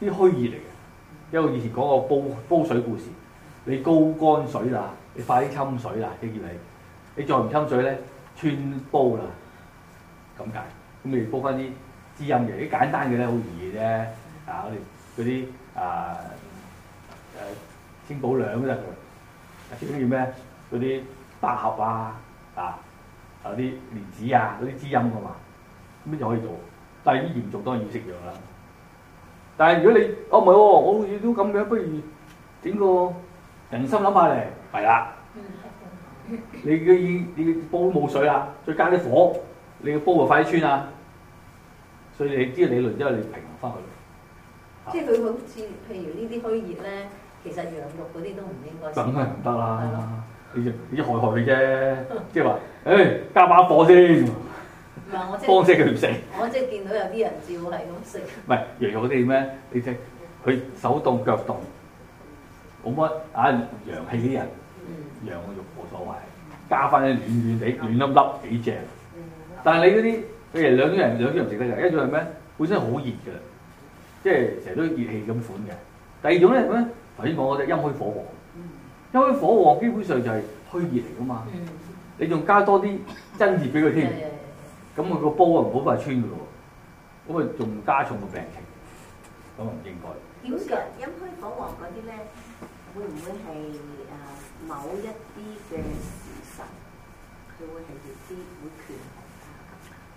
啲虛熱嚟嘅。因為以前講個煲煲水故事，你高乾水啦，你快啲浸水啦，啲熱氣。你再唔浸水咧，穿煲啦，咁解、就是。咁你煲翻啲滋陰嘅，啲簡單嘅咧好易啫。啊，嗰啲啊～清補涼嗰陣，最緊要咩？嗰啲百合啊，啊，有啲蓮子啊，嗰啲滋陰嘅嘛，咁樣就可以做。但係啲嚴重當然要食藥啦。但係如果你哦唔係喎，我要都咁樣，不如整個人心諗下嚟，係啦。你嘅以你煲冇水啦，再加啲火，你嘅煲就快啲穿啊。所以你啲理論之後，你平衡翻佢。即係佢好似譬如呢啲虛熱咧。其實羊肉嗰啲都唔應該，梗係唔得啦！你你害害佢啫， *laughs* 即係話，誒、哎、加把火先。唔係我即係方式佢唔食，我即係見到有啲人照係咁食。唔係羊肉嗰啲咩？你食，佢手凍腳凍，冇乜啊！陽氣啲人，嗯、羊肉冇所謂，加翻啲暖暖地暖粒暖粒幾正。嗯、但係你嗰啲譬如兩種人兩種人食得嘅，一種係咩？本身好熱㗎，即係成日都熱氣咁款嘅。第二種咧首先講隻陰虛火旺，陰虛火旺基本上就係虛熱嚟噶嘛，嗯、你仲加多啲真熱俾佢添，咁佢個煲啊唔好快穿噶喎，咁啊仲加重個病情，咁啊唔應該。點樣陰虛火旺嗰啲咧，會唔會係誒某一啲嘅事實，佢會係熱啲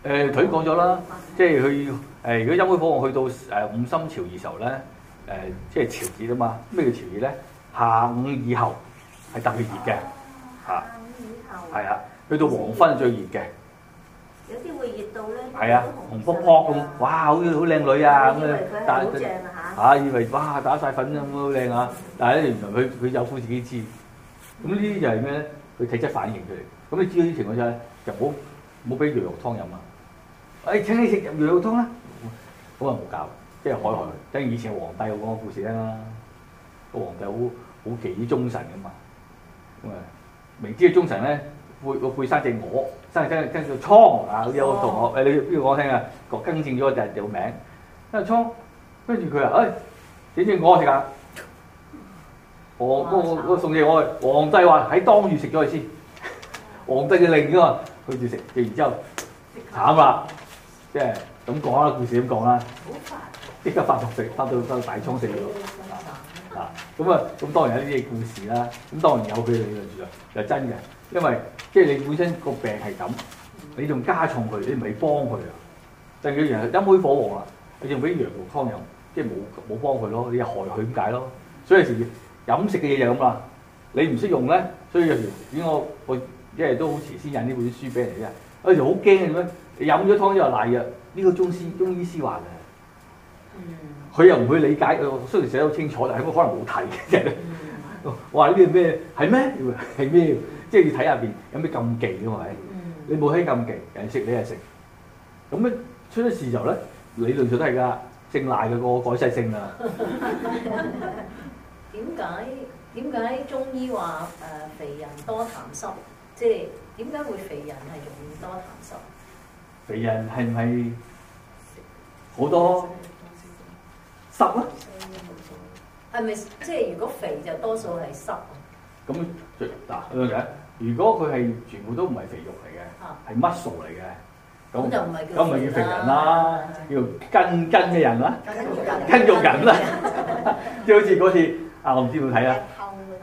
會㗋、呃、啊？誒，佢講咗啦，即係佢誒，如果陰虛火旺去到誒、呃、五心潮熱時候咧。誒，即係潮熱啊嘛！咩叫潮熱咧？下午以後係特別熱嘅，啊、下午以後，係啊，去、啊、到黃昏最熱嘅。有啲會熱到咧，係啊，紅卜卜咁，哇！好似好靚女啊，咁啊，啊，但係吓，以為哇打晒粉咁好靚啊，但係咧原來佢佢有苦自己知。咁呢啲就係咩咧？佢體質反應佢。嚟。咁你知呢啲情況下，係，就唔好唔好俾羊肉湯飲啊！誒、哎，請你食羊肉，肉湯啦，嗰個冇教。即係海害即係以前皇帝個故事啦。個皇帝好好幾忠臣噶嘛，咁啊，明知佢忠臣咧，背個背生隻我，生生生隻倉啊！有個同學誒，你邊個講聽啊？更正咗就係條名，跟住倉，跟住佢話誒，點、哎、知我食啊？皇嗰個宋仁愛皇帝話喺當月食咗佢先，皇帝嘅令啊，去住食，食完之後慘啦，即係咁講啦，故事咁講啦。即刻發到食，發到大瘡死咗， *laughs* 啊咁啊咁當然有呢啲故事啦，咁當然有佢理論住啦，就真嘅，因為即係你本身個病係咁，你仲加重佢，你唔係幫佢啊，就二樣一飲杯火鍋啊，佢仲俾羊肉湯飲，即係冇冇幫佢咯，你又害佢咁解咯。所以有時飲食嘅嘢就係咁啦，你唔識用咧，所以有時啲我我即係都好遲先引呢本書俾你嘅，我有時好驚嘅咩，你飲咗湯之後瀨藥，呢、呢個中醫中醫師話嘅。佢、嗯、又唔會理解，我雖然寫得好清楚，但係佢可能冇睇。我話呢啲咩係咩？係咩？即係、就是、要睇下邊有咩禁忌㗎嘛、嗯？你冇興咁忌，人食你係食。咁咧出咗事就咧理論上都係㗎，姓賴嘅個改世性啊！點解點解中醫話誒肥人多痰濕？即係點解會肥人係容易多痰濕？肥人係唔係好多？濕係咪即係如果肥就多數係濕？咁嗱，如果佢係全部都唔係肥肉嚟嘅，係 muscle 嚟嘅？咁咁咪要肥人啦？要跟跟嘅人啦？跟肉人啦！即係好似嗰次啊，我唔知有睇啦。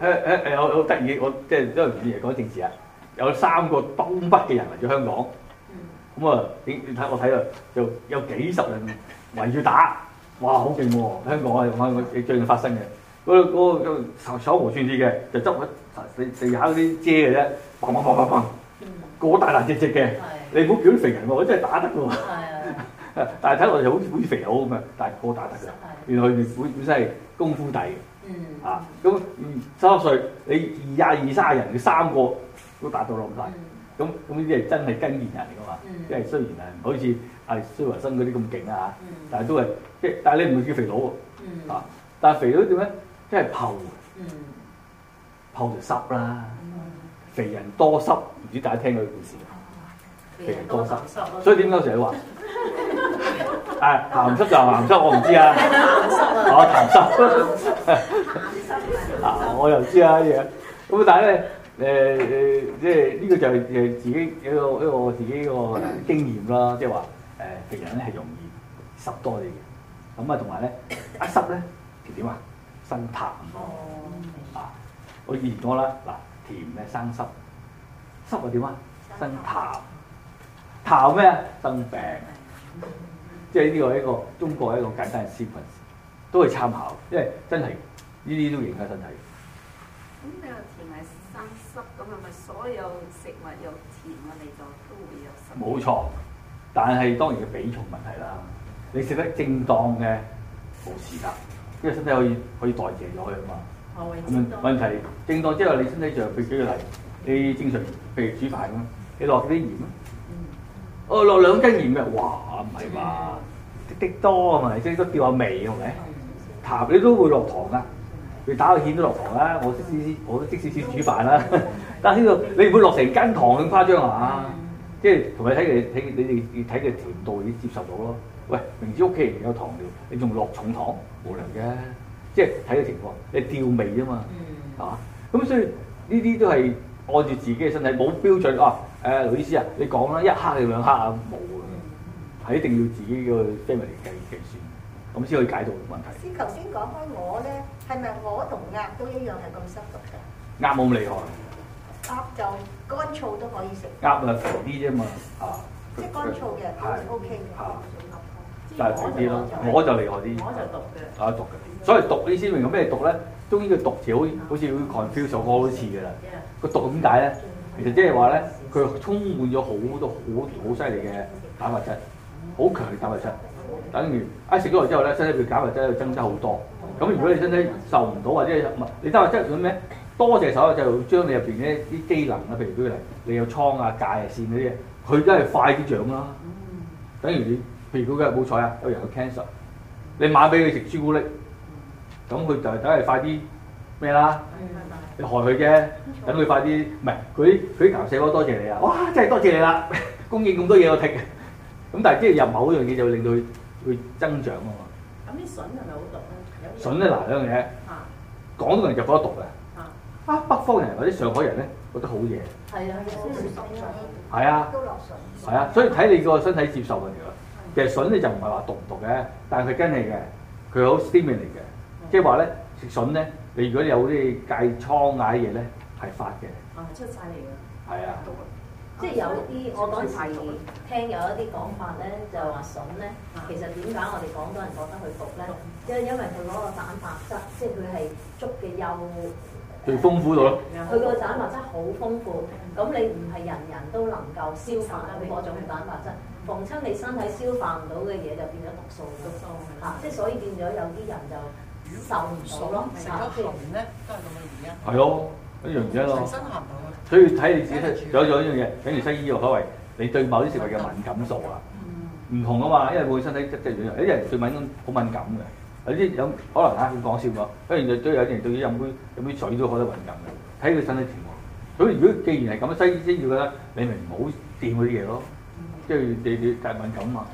誒誒我好得意，我即係都唔係講政治啊！有三個東北嘅人嚟咗香港，咁啊、嗯嗯嗯，你睇我睇啊，就有幾十人圍住打。哇，好勁喎！香港啊，我我最近發生嘅，嗰、那、嗰個、那個、手手無寸鐵嘅，就執我地地下嗰啲遮嘅啫，砰砰砰砰砰，個、嗯、大大隻隻嘅，你唔好叫啲肥人喎，我真係打得喎，但係睇落就好好似肥佬咁啊，但係個打得㗎，原來佢哋本本身係功夫底嘅，啊，咁三十歲你二廿二卅人三個都打到咁大，咁咁呢啲係真係經驗人嚟㗎嘛，即係、嗯、雖然係唔好似。係，雖為生嗰啲咁勁啊，但係都係，即但係你唔會叫肥佬喎，啊，但係肥佬點咧？即係泡，泡就濕啦。肥人多濕，唔知大家聽過呢個故事？肥人多濕，所以點解成日話？係鹹濕就鹹濕，我唔知啊。係啊，鹹濕啊。我又知啊嘢。咁但係咧，誒誒即係呢個就係誒自己一個一個自己個經驗啦，即係話。誒肥人咧係容易濕多啲嘅，咁啊同埋咧一濕咧係點啊？生痰、哦嗯、啊，我哋見過啦嗱，甜咧生濕，濕啊點啊生痰淡，痰咩生病，嗯嗯、即係呢個一個中國一個簡單嘅 sequence 都係參考，因為真係呢啲都影響身體。咁你話甜係生濕，咁係咪所有食物有甜我哋就都會有濕？冇錯。但係當然嘅比重問題啦，你食得正當嘅冇事噶，因為身體可以可以代謝咗去啊嘛。問題正當之係你身體就譬如舉個例，你正常譬如煮飯啦，你落少啲鹽啦。嗯、哦，落兩羹鹽嘅，哇唔係嘛，滴滴多啊嘛，即係都調下味，係咪、嗯？糖你都會落糖噶，你打個芡都落糖啦。我即時我即時煮飯啦，會 *laughs* 但係呢度，你唔會落成羹糖咁誇張啊嘛。嗯。即係同你睇嘅睇，你哋你睇嘅程度，你接受到咯。喂，明知屋企人有糖尿，你仲落重糖，冇能嘅。即係睇嘅情況，你調味啫嘛，係嘛、嗯？咁所以呢啲都係按照自己嘅身體冇標準啊，誒、呃，老師啊，你講啦，一克定兩克冇㗎，係、嗯、一定要自己個方面嚟計計算，咁先可以解到問題。頭先講開我咧，係咪我同鴨都一樣係咁濕毒嘅？鴨冇咁厲害。鴨就乾燥都可以食。鴨啊肥啲啫嘛，啊，即係乾燥嘅都 O K 嘅，就係好啲咯。我就厲害啲，我就毒嘅。啊毒嘅。所以毒你先明咩毒咧？中醫嘅毒字好似好似 confuse 咗好多次㗎啦。個毒點解咧？其實即係話咧，佢充滿咗好多好好犀利嘅蛋白質，好強嘅蛋白質。等於一食咗落之後咧，身體嘅蛋白質會增加好多。咁如果你身體受唔到或者物，你蛋白質做咩？多謝手啊，就將你入邊咧啲機能啊，譬如舉例，你有瘡啊、界啊、腺嗰啲，佢都係快啲長啦。等於你譬如舉例冇彩啊，有人有 cancer，你買俾佢食朱古力，咁佢就等係快啲咩啦？你害佢啫，等佢快啲，唔係佢佢啲癌細胞多謝你啊！哇，真係多謝你啦，供應咁多嘢我食嘅。咁但係即係入某一樣嘢就會令到佢佢增長啊嘛。咁啲筍係咪好毒咧？筍咧嗱兩樣嘢。嚇！廣東人就覺得毒嘅。北方人或者上海人咧，覺得好嘢，啊，好消啊，都落腎，係啊，所以睇你個身體接受嘅㗎。其實筍咧就唔係話毒唔毒嘅，但係佢跟係嘅，佢好 stimulating 嘅，即係話咧食筍咧，你如果有啲疥瘡啊啲嘢咧係發嘅，啊出晒嚟嘅。係啊，即係有啲我當時聽有一啲講法咧，就話筍咧其實點解我哋廣東人覺得佢毒咧？即係因為佢攞個蛋白質，即係佢係竹嘅幼。最豐富咗，佢個蛋白質好豐富，咁你唔係人人都能夠消化得嗰種蛋白質，逢親你身體消化唔到嘅嘢就變咗毒素啦，嚇，即係所以變咗有啲人就受唔到咯，嚇、嗯，即係都係咁嘅原因。係咯，一樣原因咯，所以睇你自己仲有咗一樣嘢，正如西醫所謂，你對某啲食物嘅敏感度啊，唔同啊嘛，因為每個人身體即一誒，對敏感，好敏感嘅。有啲有可能啊！佢講笑講，所以都有啲人對啲飲杯，飲杯水都覺得敏感嘅，睇佢身體情況。所以，如果既然係咁，西醫先要嘅啦，你咪唔好掂嗰啲嘢咯，嗯、即係對對太敏感嘛。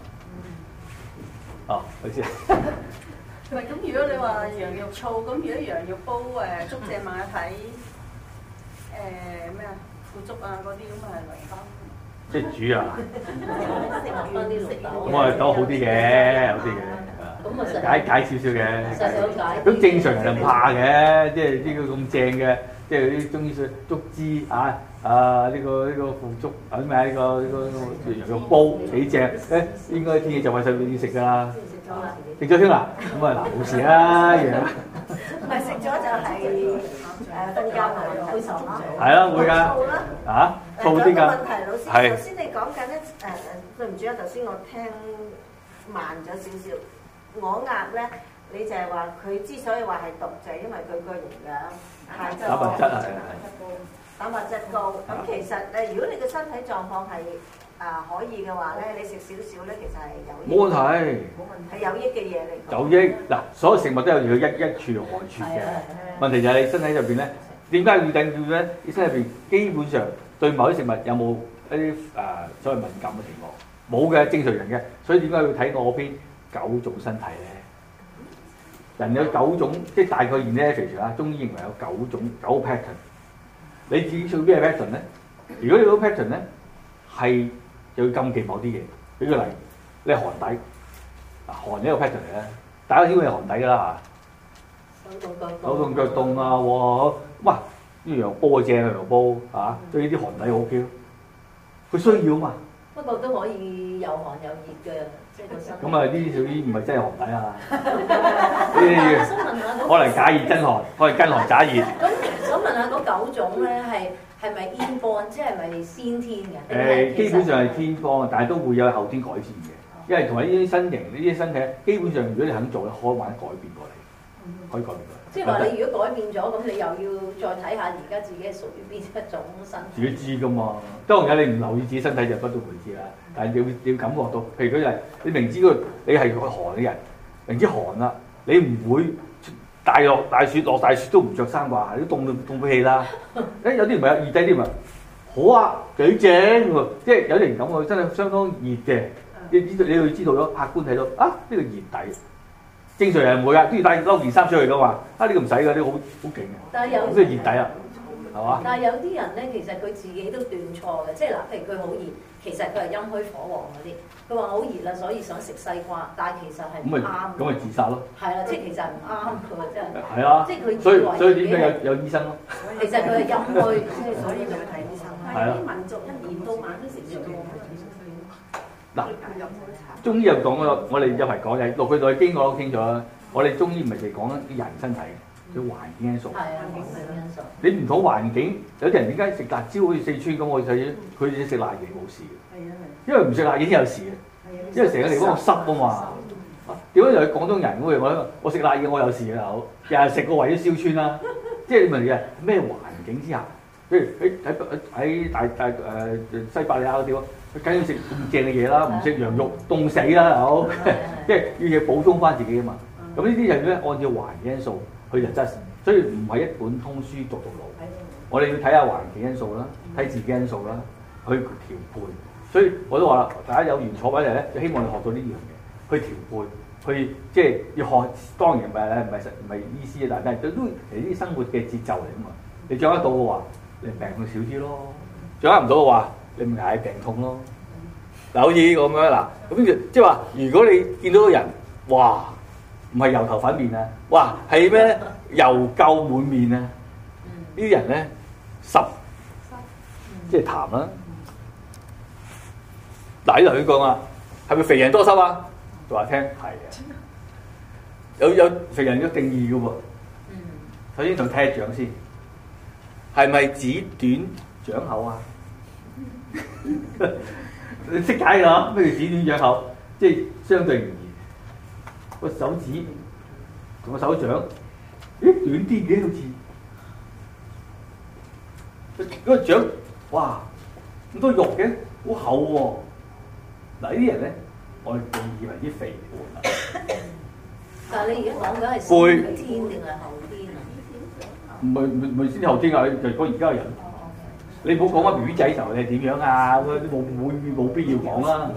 嗯、啊，我知。咪咁？如果你話羊肉燥，咁如果羊肉煲誒竹蔗馬蹄誒咩啊腐竹啊嗰啲，咁咪嚟。」敏感。即煮啊！咁我哋講好啲嘅，好啲嘅。 *laughs* 解解少少嘅，都正常人就唔怕嘅，即係呢個咁正嘅，即係啲中醫所竹枝啊，啊呢個呢個腐竹，啊啲咩呢個呢個羊肉煲幾正，誒應該天氣就為曬呢啲食㗎啦，食咗啦，食咗先啦，咁啊嗱冇事啦，樣咪食咗就係誒增加埋灰常啦，係啦，會㗎，啊燥啲㗎，冇問題，老師，頭先你講緊咧誒誒，對唔住啊，頭先我聽慢咗少少。鵝鴨咧，你就係話佢之所以話係毒，就係因為佢個營養係質高，蛋白質係係係，蛋白質高。咁其實誒，如果你個身體狀況係啊可以嘅話咧，你食少少咧，其實係有冇問題？冇問題係有益嘅嘢嚟，有益嗱，所有食物都有佢一一處害處嘅。問題就係你身體入邊咧，點解要定住咧？你身入邊基本上對某啲食物有冇一啲誒所謂敏感嘅情況？冇嘅，正常人嘅。所以點解要睇我邊？九種身體咧，人有九種，即係大概而呢其 f e 中醫認為有九種九個 pattern，你自己屬咩 pattern 咧？如果你個 pattern 咧係就要禁忌某啲嘢，比如例如你寒底，寒呢個 pattern 嚟嘅，大家知道係寒底噶啦嚇，手凍腳凍啊，哇！呢樣煲正，煲正啊，煲嚇，對呢啲寒底 OK 佢需要啊嘛。不過都可以有寒有熱嘅。咁啊，呢啲屬於唔係真寒底啊，呢啲 *laughs* 可能假熱真寒，可能真寒假熱。咁想問下嗰九種咧，係係咪先天？即係咪先天嘅？誒，基本上係天方，但係都會有後天改善嘅，因為同埋呢啲身形、呢啲身體，基本上如果你肯做咧，可以慢慢改變過嚟。可以改變嘅，即係話你如果改變咗，咁吧你又要再睇下而家自己係屬於邊一種身體。自己知㗎嘛，當然你唔留意自己身體就不得而知啦。但係你要感覺到，譬如佢係你明知佢你係寒嘅人，明知寒啦，你唔會大落大雪落大雪都唔着衫話，你都凍都凍屁啦。誒 *laughs* 有啲唔人咪熱底唔啊，好啊幾正即係有啲人感覺真係相當熱嘅，你知道，你要知道咗，客觀睇到啊呢個熱底。正常人唔會啊，都要帶多件衫出去噶嘛。啊呢個唔使噶，呢啲好好勁嘅，即係熱底啊，係嘛？但係有啲人咧，其實佢自己都斷錯嘅，即係嗱，譬如佢好熱，其實佢係陰虛火旺嗰啲。佢話好熱啦，所以想食西瓜，但係其實係唔啱。咁咪自殺咯？係啦，即係其實唔啱佢，即係。係啊。即係佢以為自己點解有有醫生咯。其實佢係陰虛，所以就咪睇醫生。啲民族一年到晚都食熱嘢。中醫又講咗，我哋有排講嘢，落去落去邊我都清楚啦。我哋中醫唔係講啲人身體，啲環境因素。係環境因素。你唔好環境，有啲人點解食辣椒好似四川咁？我就要佢食辣嘢冇事嘅，因為唔食辣嘢先有事嘅。因為成個地方濕啊嘛。點解又係廣東人？我我食辣嘢我有事啊！又又係食個胃都燒穿啦。即係你問咩環境之下？譬如喺喺喺大大誒、呃、西伯利亞嗰啲喎。梗要食咁正嘅嘢啦，唔食羊肉凍死啦，係好，即係要嘢補充返自己啊嘛。咁、嗯、呢啲就要咧按照環境因素去調質，所以唔係一本通書讀到老。嗯、我哋要睇下環境因素啦，睇自己因素啦，去調配。所以我都話啦，大家有緣坐位嚟咧，就希望你學到呢樣嘢，去調配，去即係、就是、要學。當然唔係唔係實唔係醫師啊，但係都係呢啲生活嘅節奏嚟啊嘛。你掌握到嘅話，你病會少啲咯；掌握唔到嘅話，你咪捱病痛囉，嗱、嗯，好似呢個咁樣嗱，即係話，如果你見到個人，嘩，唔係油頭粉面啊，嘩，係咩油垢滿面啊？呢啲人呢，濕，即係痰啦。嗱、嗯，啲人去講呀，係咪肥人多濕呀、啊？同話聽係啊，有有肥人有定義㗎喎。啊嗯、首先看看，同睇下掌先，係咪指短掌口呀、啊？你識解㗎，不如指短掌厚，即係相對而言。個手指同個手掌，咦，短啲幾好似。嗰個掌，哇，咁多肉嘅，好厚喎。嗱，呢啲人咧，我哋仲以為啲肥胖。但係你而家講緊係先天定係後天啊？唔係唔係先後天啊，就係講而家嘅人。你唔好講乜女仔你係點樣啊，佢冇冇冇必要講啦。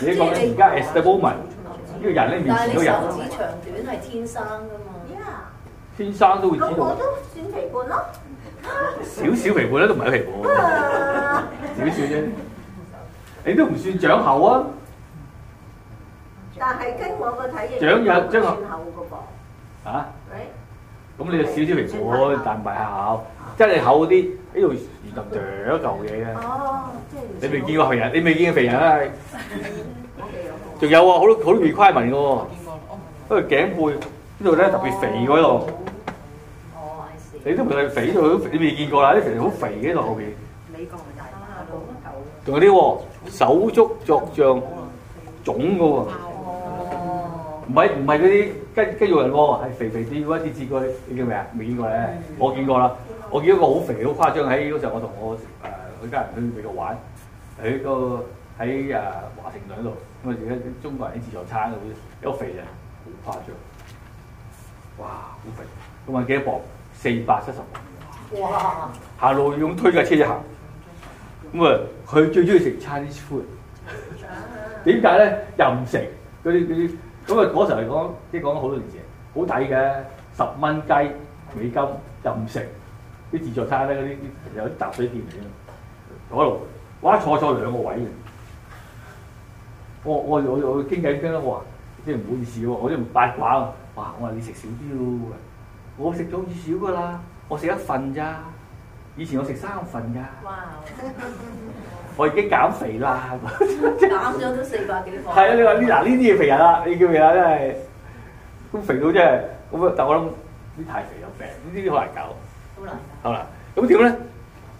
你講咧而家 establishment 呢個人咧面前都有咯。但係你手指長短係天生噶嘛？天生都會知道。咁我都算皮骨咯。少少皮骨咧都唔係皮骨。少少啫。你都唔算長厚啊。但係跟我個體型。長有將個。啊？咁你就少少皮膚，但唔係厚，即係厚啲。呢度圓圓哚一嚿嘢嘅。哦，即係。你未見過肥人，你未見過肥人啊？仲有啊，好多好多違規文嘅喎。個頸背呢度咧特別肥嗰度。哦，你肥。你都唔係肥，呢度都你未見過啦，啲肥人好肥嘅呢度後面。美國大媽攞乜狗？仲有啲喎，手足作狀，腫嘅喎。哦。唔係唔係嗰啲。跟雞人喎，係肥肥啲，嗰啲字嗰你叫咩啊？未見過咧、嗯，我見過啦、呃。我見一個好肥，好誇張，喺嗰時候我同我佢家人去美國玩，喺個喺啊華盛頓度，咁啊而家中國人啲自助餐啲有肥人，好誇張，哇好肥，咁啊幾多磅？四百七十磅。哇！行路用推車車行，咁啊佢最中意食 Chinese food。點解咧？又唔食啲啲。那些那些咁啊嗰時候嚟講，即係講咗好多年前，好抵嘅，十蚊雞美金任食，啲自助餐咧嗰啲有啲雜水店嚟嘅，嗰度，我一坐坐兩個位嘅，我我我我傾偈傾啦，我話，即係唔好意思喎，我啲唔八卦喎，哇，我話你食少啲喎，我食總之少㗎啦，我食一份咋，以前我食三份㗎。Wow. *laughs* 我已經減肥啦，減 *laughs* 咗都四百幾磅。係啊，你話呢，嗱呢啲嘢肥人啦，你叫咩啊？真係咁肥到真係咁啊！但我諗啲太肥有病，呢啲好難搞。好難了好啦，咁點咧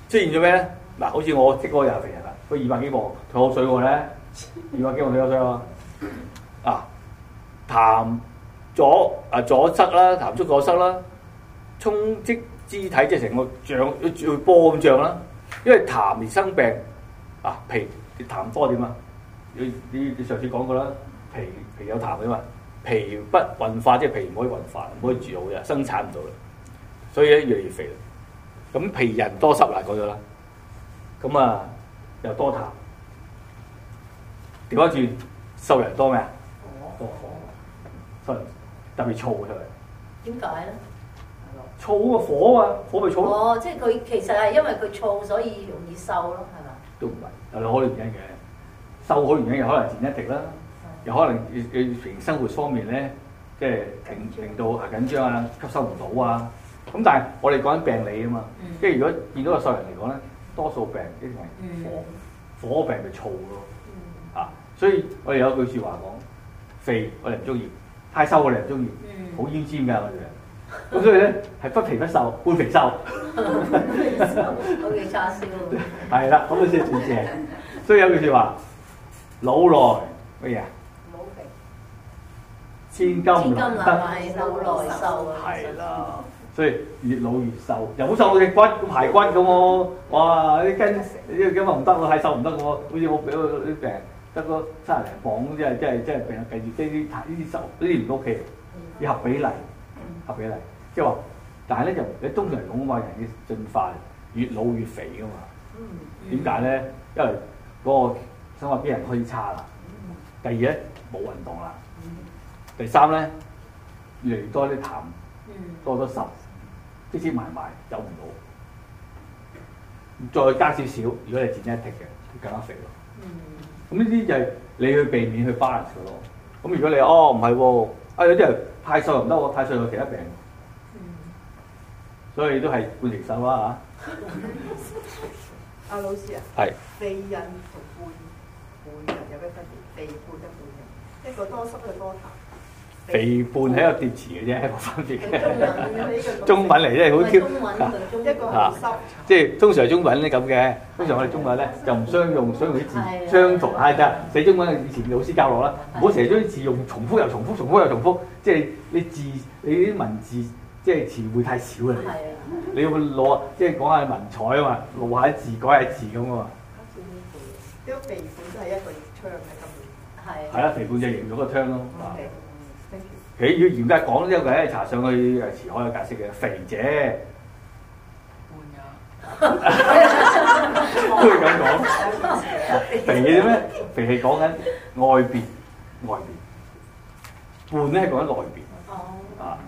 出現咗咩咧？嗱，好似我即嗰個又肥人啦，佢二百幾磅，佢好水㗎咧，二百幾磅水 *laughs* 啊？啊，痰阻啊阻塞啦，痰出阻塞啦，充積肢體即係成個脹，要似波咁脹啦。因為痰而生病。啊，脾你痰多點啊？你你你上次講過啦，脾脾有痰嘅嘛，脾不運化，即係脾唔可以運化，唔可以煮好嘅，生產唔到啦，所以咧越嚟越肥啦。咁脾人多濕嗱講咗啦，咁啊又多痰，點解住？瘦人多咩啊？多火，瘦人特別燥出嚟。點解咧？燥個火嘛，火咪、啊、燥、啊、哦，即係佢其實係因為佢燥，所以容易瘦咯。都唔係有好多原因嘅，瘦好原因又可能前一滴啦，又可能要要從生活方面咧，即係令令到係緊張啊，吸收唔到啊。咁但係我哋講緊病理啊嘛，即係如果見到個瘦人嚟講咧，多數病一定係火火，病就燥咯啊，所以我哋有句説話講，肥我哋唔中意，太瘦我哋唔中意，好腰尖㗎我哋。咁 *laughs* 所以咧，係不肥不瘦，半肥瘦，好嘅叉燒喎。係啦，咁都算正。所以有句説話說，老來乜嘢啊？唔肥，千金難，難得老來瘦，係咯。所以越老越瘦，又好瘦，好似骨排骨咁喎。哇，啲筋，呢啲筋咪唔得咯，太瘦唔得嘅喎。好似我俾我啲病人得個卅零磅，即係即係即係病，繼續呢啲呢啲瘦呢啲唔 OK，以合比例。合起嚟，即、就、話、是，但係咧就你通常嚟講啊，人嘅進化越老越肥噶嘛。點解咧？因為嗰個想話啲人虛差啦。第二咧冇運動啦。第三咧越嚟越多啲痰，多咗神，積積埋埋走唔到。再加少少，如果你剪一撇嘅，更加肥咯。咁呢啲就係你去避免去 balance 咯。咁如果你哦唔係啊有啲人。太瘦唔得喎，我太瘦有其他病，嗯、所以都係半肥瘦啦嚇。阿、 *laughs* 啊、老師啊，係肥是人同半半人有咩分別？肥半一半人，一個多濕就多痰。肥胖係一個疊詞嘅啫，冇分別嘅。中文嚟啫，好 Q，一個唔濕。即係通常中文咧咁嘅，通常我哋中文咧就唔相用，相用啲字，相同。係㗎，寫中文以前老師教我啦，唔好成日將啲字用重複又重複，重複又重複。即係你字，你啲文字，即係詞彙太少啦。係啊，你要攞即係講下文采啊嘛，攞下字改下字咁啊嘛。肥胖都係一個窗喺咁係。係啊，肥胖就形咗個窗咯。佢要嚴格講呢個咧，查上去誒，辭海有解釋嘅，肥者半夜都係咁講。肥嘅咩？肥係講緊外邊，外邊半咧係講緊內邊。哦。啊、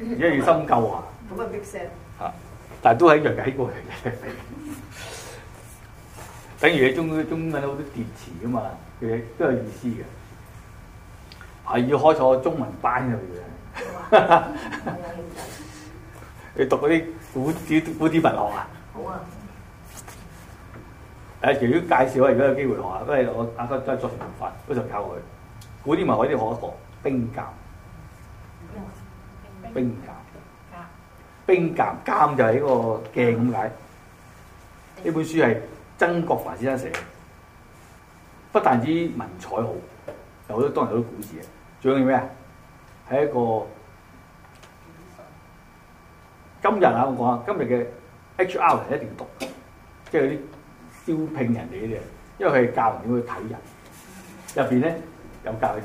嗯，而家要深究啊。咁啊、啊，但係都係一樣解過嚟嘅。 *laughs* 等於喺中文中有好多疊詞啊嘛，其實都有意思嘅。係要開咗中文班啊！要，你讀嗰啲古古古典文學啊？好啊！誒， *laughs* 啊、如果介紹啊，而家有機會學啊，不為我阿哥真係作詞法，嗰時候教佢古啲文學，可以學，一學，先學冰鑑，冰鑑，冰鑑，鑑就係呢個鏡咁解。呢本書係曾國藩先生寫嘅，不但止文采好，有好多當有好多故事嘅。最重要咩啊？係一個今日啊，我講下，今日嘅 HR 係一定要讀，即係啲招聘人哋啲嘢，因為佢係教人點去睇人。入邊咧有教啲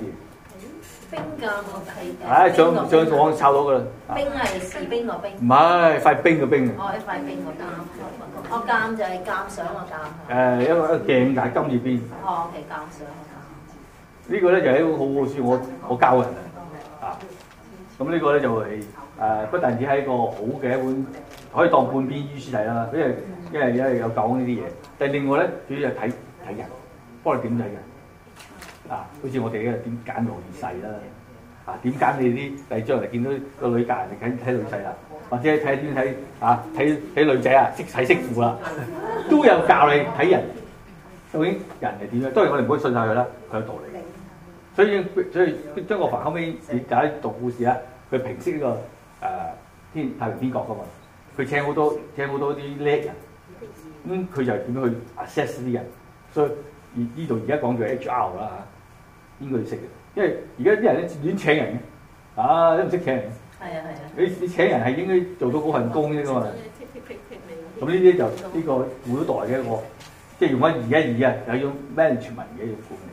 冰鑑，係上上網抄到嘅。冰係士兵個冰。唔係塊冰嘅冰。哦，一塊冰個鑑，我鑑就係鑑相個鑑。誒，一個一鏡解金字邊。哦，係鑑相。呢個咧就係一本好好書，我我教人啊，啊，咁、這、呢個咧就係、是、誒、啊，不但止係一個好嘅一本，可以當半邊醫書睇啦，因為因為因為有講呢啲嘢，但係另外咧主要係睇睇人，幫你點睇嘅，啊，好似我哋咧點揀老細啦，啊，點揀你啲第二張嚟見到個女嫁人就睇睇女婿啦，或者睇點睇啊睇睇女仔啊識使識富啦，嗯、都有教你睇人，究竟人係點樣？當然我哋唔可以信晒佢啦，佢有道理。所以所以曾國藩後尾，你睇讀故事啊，佢平息呢、呢個誒天、呃、太平天國噶嘛，佢請好多請好多啲叻人，咁佢就點樣去 assess 啲人？所以呢度而家講嘅 H R 啦嚇，應該要識嘅？因為而家啲人咧亂請人嘅，啊都唔識請人。係啊係啊，你你請人你請人係應該做到嗰份工先噶嘛。咁呢啲就呢、呢個古代嘅一個，即係用一二一二啊，有種咩傳聞嘅要管。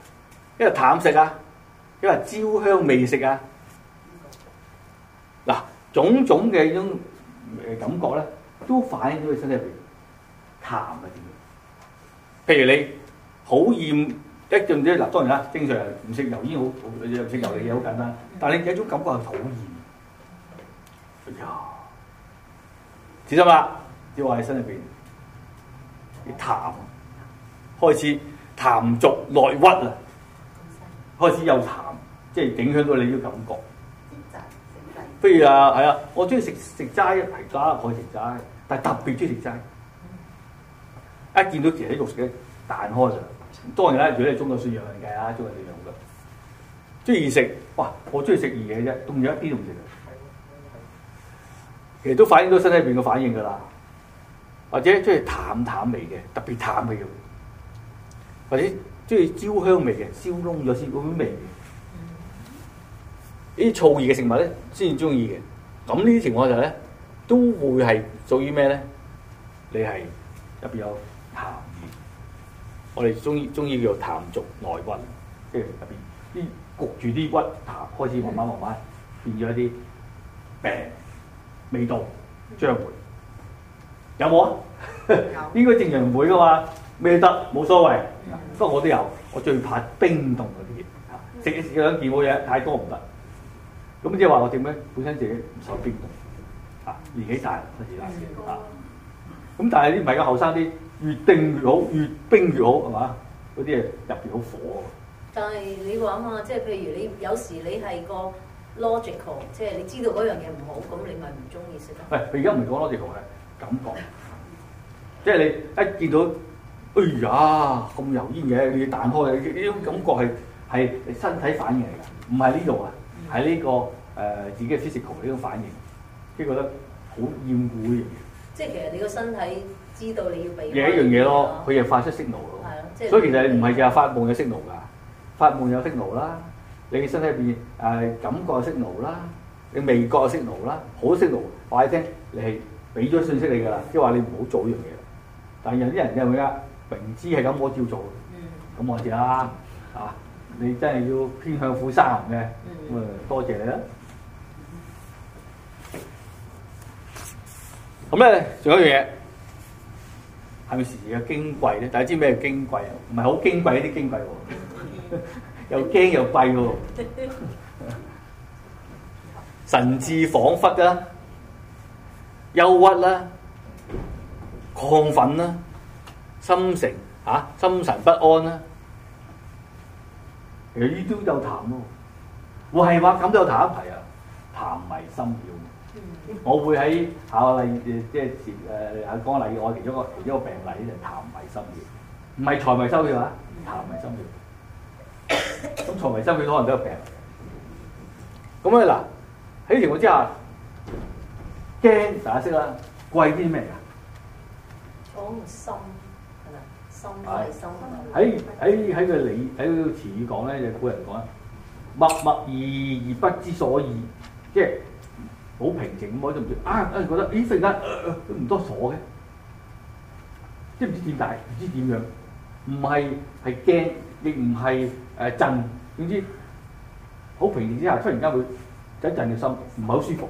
因為淡食啊，因為焦香味食啊，嗱種種嘅種誒感覺咧，都反映咗你身體入邊。痰係點？譬如你討厭，即係唔知嗱，當然啦，正常人唔食油煙好唔食油膩嘢，好簡單，但係你有一種感覺係討厭。哎呀，小心啊，只要話喺身入邊，啲痰開始痰濁內鬱啊！開始有痰，即係影響到你呢啲感覺。不如啊，係啊，我中意食食齋啊，皮渣、海苔齋，但係特別中意食齋。一見到其實喺肉食嘅彈開就，當然啦，如果你中咗算養人計啊，中人哋養嘅，中意食哇，我中意食熱嘢啫，凍嘢一啲都唔食。其實都反映到身體入邊嘅反應㗎啦，或者中意淡淡味嘅，特別淡嘅肉，或者。中意焦香味嘅，燒焦燶咗先嗰種味。呢啲燥熱嘅食物咧，先至中意嘅。咁呢啲情況就咧，都會係屬於咩咧？你係入邊有痰熱。我哋中意中意叫做痰濁內鬱，即係入邊啲焗住啲骨，痰開始慢慢慢慢、嗯、變咗一啲病味道，將會有冇啊？嗯、 *laughs* 應該正常唔會噶嘛。咩得冇所謂，不過我都有，我最怕冰凍嗰啲嘢。食一食兩件好嘢太多唔得。咁即係話我點咧？本身自己唔受冰凍，嚇年紀大啦，咁但係啲唔係個後生啲越定越好，越冰越好係嘛？嗰啲嘢入邊好火。但係你話啊嘛，即係譬如你有時你係個 logical，即係你知道嗰樣嘢唔好，咁你咪唔中意食咯。喂，而家唔講 logical 感覺。 *coughs* 即係你一見到。哎呀，咁油煙嘅，你要彈開嘅，呢種感覺係係身體反應嚟㗎，唔係呢度啊，喺呢、呢個、呃、自己嘅 physical 呢種反應，即係覺得好厭惡呢樣嘢。即係其實你個身體知道你要避開。一樣嘢咯，佢又發出訊號咯。係咯。即所以其實你唔係㗎，發夢有訊號㗎，發夢有訊號啦，你嘅身體入面、呃、感覺有訊號啦，你味覺有訊號啦，好訊號，快啲你係俾咗信息你㗎啦，即係話你唔好做呢樣嘢。但係有啲人點解？明知係咁，我照做的。咁我知啦，嚇！你真係要偏向虎山行嘅，咁啊多謝你啦。咁咧、嗯，仲、嗯、有一樣嘢，係咪時時嘅矜貴咧？大家知咩矜貴啊？唔係好矜貴一啲矜貴喎， *laughs* 又驚又貴喎、啊，神智恍惚啦，憂鬱啦、啊，亢奮啦、啊。心神嚇、啊、心神不安啦、啊，其實呢啲就痰喎，我係話咁就痰一係啊，痰迷心竅。我會喺下例即係誒講例，我其中一個其中一個病例咧就痰迷心竅，唔係財迷心竅啊，痰迷心竅。咁、嗯、財迷心竅可能都有病。咁啊嗱，喺呢條目之下，驚大家識啦，貴啲咩㗎？講心。係，喺喺喺個理喺個詞語講咧，就古人講啊，默默而，而不知所以，即係好平靜咁喺度，啊啊覺得咦，突然間、呃呃、都唔多鎖嘅，即係唔知點解，唔知點樣，唔係係驚，亦唔係誒震，總之好平靜之下，突然間會有一陣嘅心唔係好舒服，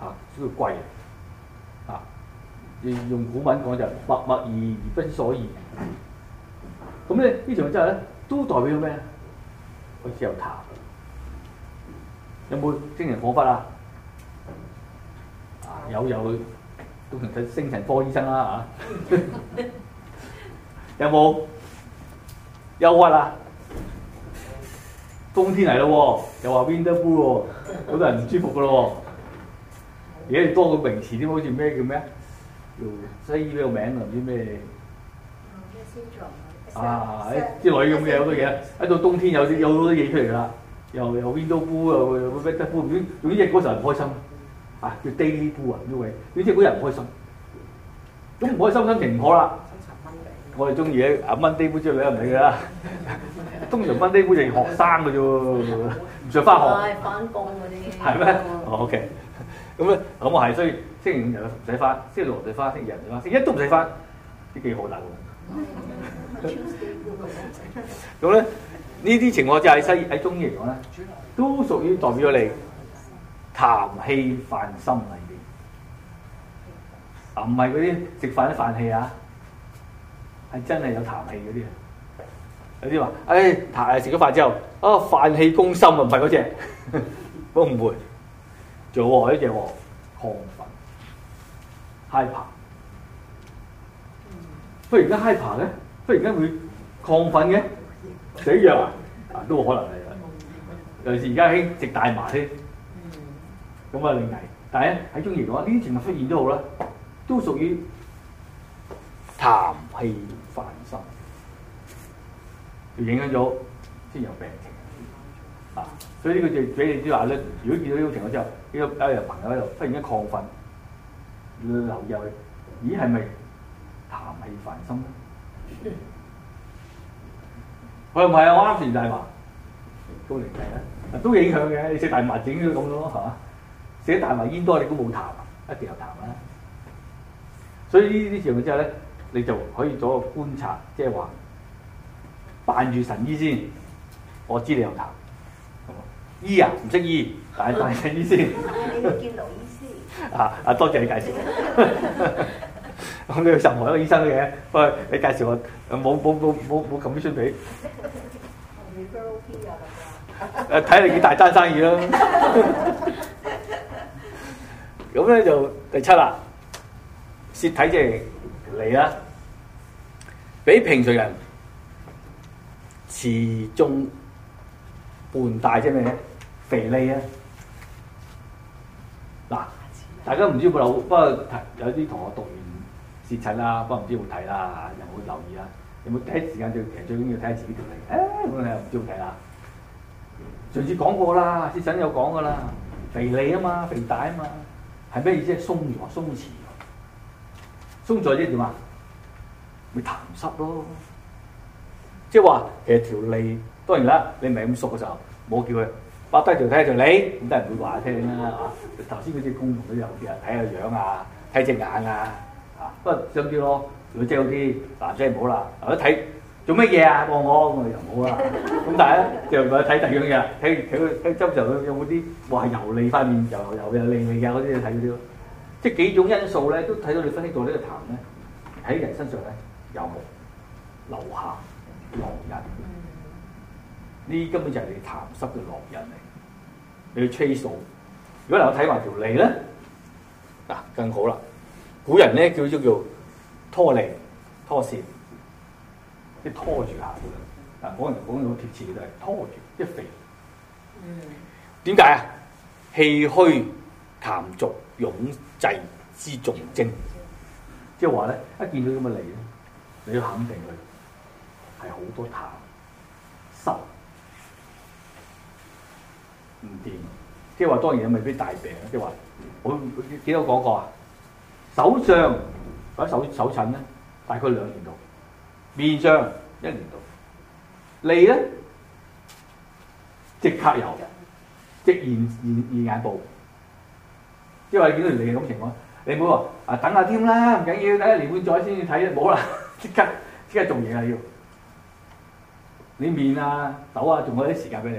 啊，所以貴嘅。用古文講就默默而而不知所以，咁咧呢場真係咧都代表咩？好似有痰，有冇精神恍惚啊？有有，咁成體精神科醫生啦、啊、嚇， *laughs* 有冇？憂鬱啊，冬天嚟咯喎，又話 Window 喎，好多人唔舒服噶咯喎，而家 *laughs* 多個名詞添，好似咩叫咩？叫西醫呢個名就唔知咩啊！啲女咁嘅好多嘢，一到冬天有有好多嘢出嚟啦，又有 Window book 又咩都用呢隻嗰時候唔開心，啊叫 Daybook 啊，因為用呢隻日唔開心，咁唔開心真係唔好啦。我哋中意啊蚊 Monday book 即係唔理㗎啦，通常 Monday book 就係學生嘅啫，唔想翻學。梗係翻工嗰啲。係咩？哦，OK。咁咧，咁、嗯、我係，所以星期五又唔使翻，星期六日唔使翻，星期日唔使翻，星期一都唔使翻，都幾好大喎！咁咧，呢啲情況就喺西喺中醫嚟講咧，都屬於代表咗你痰氣犯心裏面。啊，唔係嗰啲食飯啲飯氣啊，係真係有痰氣嗰啲啊！有啲話，哎痰，食咗飯之後，啊、哦、飯氣攻心啊，唔係嗰隻，我唔會。做有海嘢喎，亢奮，hyper。忽、嗯、然間 hyper 咧，忽然間會亢奮嘅死藥啊，都可能嚟嘅。尤其是而家興食大麻添，咁啊、嗯、另危，但係喺中醫嚟講，呢啲情況出現都好啦，都屬於痰氣煩心，就影響咗先有病情啊。所以呢個就俾你知話咧，如果見到呢種情況之後。呢個朋友又忽然間亢奮，流嘢，咦係咪痰氣煩心咧？佢又唔係我啱先就係話高計啦，都影響嘅。你食大麻整咗咁咯，係嘛？食大麻煙多，你都冇痰，一定有痰啦、啊。所以呢啲情況之下咧，你就可以做個觀察，即係話扮住神醫先，我知你有痰。醫啊，唔識醫。大大嘅意你見劉醫師。啊，啊多謝你介紹，我都要上何一個醫生嘅。喂，你介紹我冇冇冇冇冇咁啲酸味。誒，睇 *laughs* 你幾大單生意啦。咁咧 *laughs* *laughs* 就第七啦，舌體即係你啦，比平常人持中半大啫咩？肥膩啊！嗱，大家唔知會有，不過有啲同學讀完舌診啦，不過唔知會睇啦，有冇留意啊？有冇第一時間就其實最緊要睇下自己條脷？誒、啊，我又唔知會睇啦。上次講過啦，舌診有講噶啦，肥脷啊嘛，肥大啊嘛，係咩意思？鬆咗鬆弛，鬆咗即係點啊？咪痰濕咯，即係話誒條脷，當然啦，你唔係咁熟嘅時候，冇叫佢。擘低條睇下條脷，咁都係唔會話聽啦。啊，頭先嗰啲公同都有啲人睇下樣啊，睇隻眼啊，啊，不過精啲咯。女仔有啲，男仔唔好啦。嗱，一睇做乜嘢啊？我我咁啊，又唔好啦。咁但係咧，就睇第二樣嘢啦。睇睇佢睇身上佢有冇啲話油膩塊面，又油又膩膩嘅嗰啲就睇嗰啲咯。即係幾種因素咧，都睇到你分析到呢個痰咧，喺人身上咧有冇留下、落日。呢啲根本就係你痰濕嘅烙印嚟，你去 chase 數，如果能夠睇埋條脷咧，嗱，更好啦。古人咧叫咗叫拖脷拖線，即係拖住下嘅。嗱，古人講到貼切嘅就係拖住一肥。點解啊？氣虛痰濁壅滯之重症，即係話咧，一見到咁嘅脷咧，你要肯定佢係好多痰。唔掂，即係話當然未必大病。即係話，我記得我講過啊？手上或者手手診咧，大概兩年到；面上一年到。脷咧即刻有，嘅，即現現眼報。即係話你見到條脷咁情況，你唔好話啊，等下添啦，唔緊要，等一年半載先要睇，冇啦，即刻即刻做嘢啊要。你面啊手啊，仲有啲時間俾你。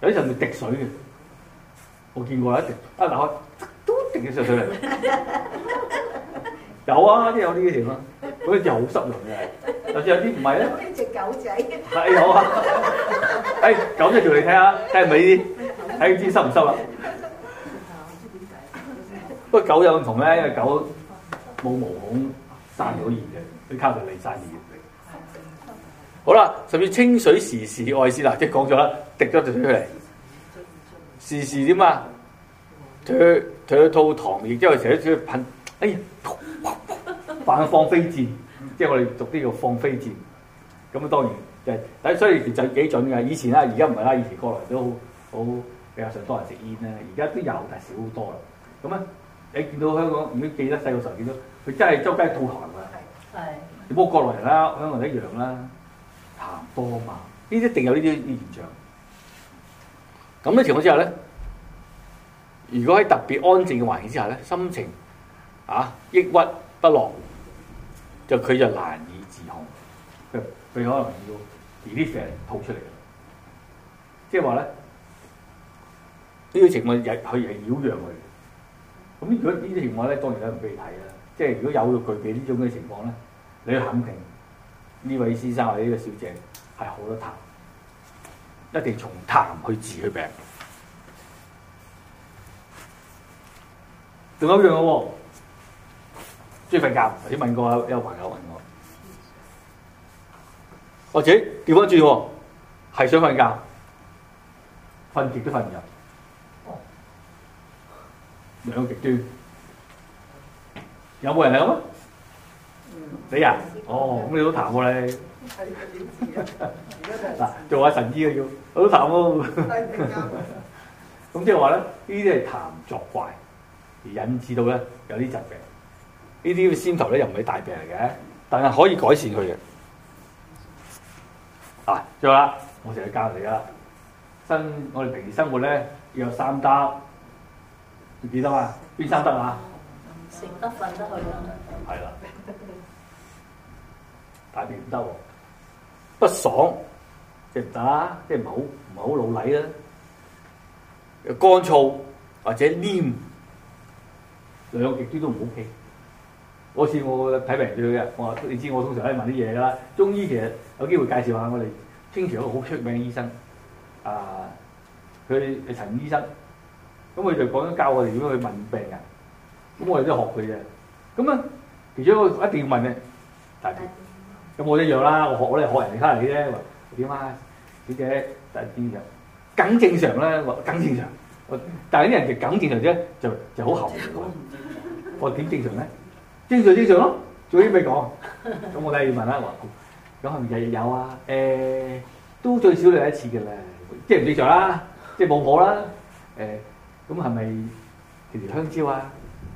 有啲人會滴水嘅，我見過啊，一滴一打開都滴咗上水嚟，有啊，都有呢條啊，嗰條好濕涼嘅，甚至有啲唔係咧，隻狗仔，係有啊，誒，狗仔條嚟睇下，睇下未，睇下知濕唔濕啦。不過狗有唔同咧，因為狗冇毛孔散唔到熱嘅，佢靠條脷散熱。好啦，甚至清水時時愛斯啦，即係講咗啦，滴咗就推出嚟。時時點啊？佢吐吐痰，然之後成日出去噴，哎呀，反放飛箭，即係我哋俗啲叫放飛箭。咁啊，當然就係，所以就係幾準嘅。以前啦，而家唔係啦。以前國內都好比較上多人食煙啦，而家都有，但少好多啦。咁咧，你見到香港，你記得細個時候見到佢真係周街吐痰㗎。係，你摸國內人啦，香港人一樣啦。行波嘛，呢啲一定有呢啲呢現象。咁呢情況之下咧，如果喺特別安靜嘅環境之下咧，心情啊抑鬱不樂，就佢就難以自控，佢可能要啲啲嘢吐出嚟。即係話咧，呢啲情況又佢係擾攘佢。咁如果呢啲情況咧，當然都唔俾你睇啦。即係如果有到具備呢種嘅情況咧，你要肯定。呢位先生或者呢個小姐係好多痰，一定從痰去治佢病，仲有一樣喎，鍾意瞓覺。有問過有朋友問我過，或者調翻轉喎，係想瞓覺，瞓極都瞓唔入，兩個極端，有冇人嚟？啊？你啊，哦，咁你都痰喎你，嗱， *laughs* 做下神醫嘅要，好痰喎，咁即係話咧，呢啲係痰作怪，而引致到咧有啲疾病，呢啲要先頭咧又唔係大病嚟嘅，但係可以改善佢嘅，啊，最仲有，我成日教你噶啦，新我哋平時生活咧要有三得，記唔記得啊？邊三得啊？食得瞓得好啦！係啦。大便唔得，不，不爽即係唔得，即係唔好唔係好老禮啊！又乾燥或者黏，兩極端都唔好。O K，嗰次我睇病對佢嘅，我，我話你知我通常係問啲嘢噶啦。中醫其實有機會介紹下我哋清朝一個好出名嘅醫生，啊，佢係陳醫生，咁佢就講咗教我哋點樣去問病人，咁我哋都學佢嘅。咁啊，其中一個，一定要問你。大便。咁我一樣啦，我學我哋學人哋返嚟啫，點啊？小姐第一正常，梗正常啦，梗正常。但係啲人其實梗正常啫，就就好後面嘅。我點正常咧？正常正常咯，做起咩講。咁我梗係要問下話咁係咪日日有啊？誒、欸，都最少你一次嘅咧，即係唔正常啦、啊，即係冇我啦。誒、欸，咁係咪條香蕉啊？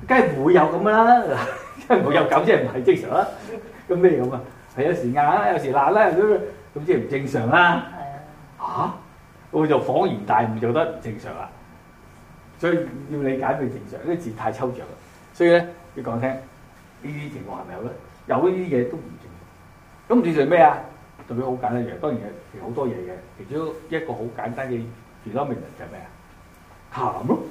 梗係唔會有咁嘅啦，即係唔會有咁即係唔係正常啦。咁咩咁啊？係有時硬啦，有時爛啦，咁咁即係唔正常啦、啊啊。嚇，我就恍然大悟，做得唔正常啦、啊。所以要理解佢正常，呢啲字太抽象啦。所以咧，你講聽，呢啲情況係咪有咧？有呢啲嘢都唔正常。咁唔正常咩啊？特別好簡單嘅，當然係好多嘢嘅。其中一個好簡單嘅健康名人就係咩啊？痰咯、啊。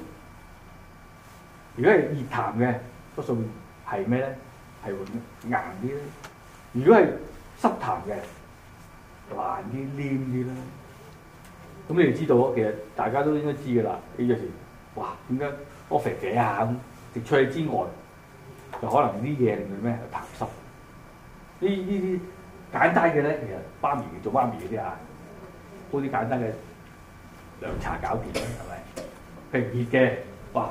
如果係熱痰嘅，多數係咩咧？係會硬啲咧。如果係濕痰嘅，難啲黏啲啦。咁你哋知道其實大家都應該知嘅啦。呢樣事，哇！點解我肥肥下咁？直出嚟之外，就可能啲嘢令到咩痰濕？呢呢啲簡單嘅咧，其實媽咪做媽咪嗰啲啊，煲啲簡單嘅涼茶搞掂啦，係咪？譬如熱嘅，哇！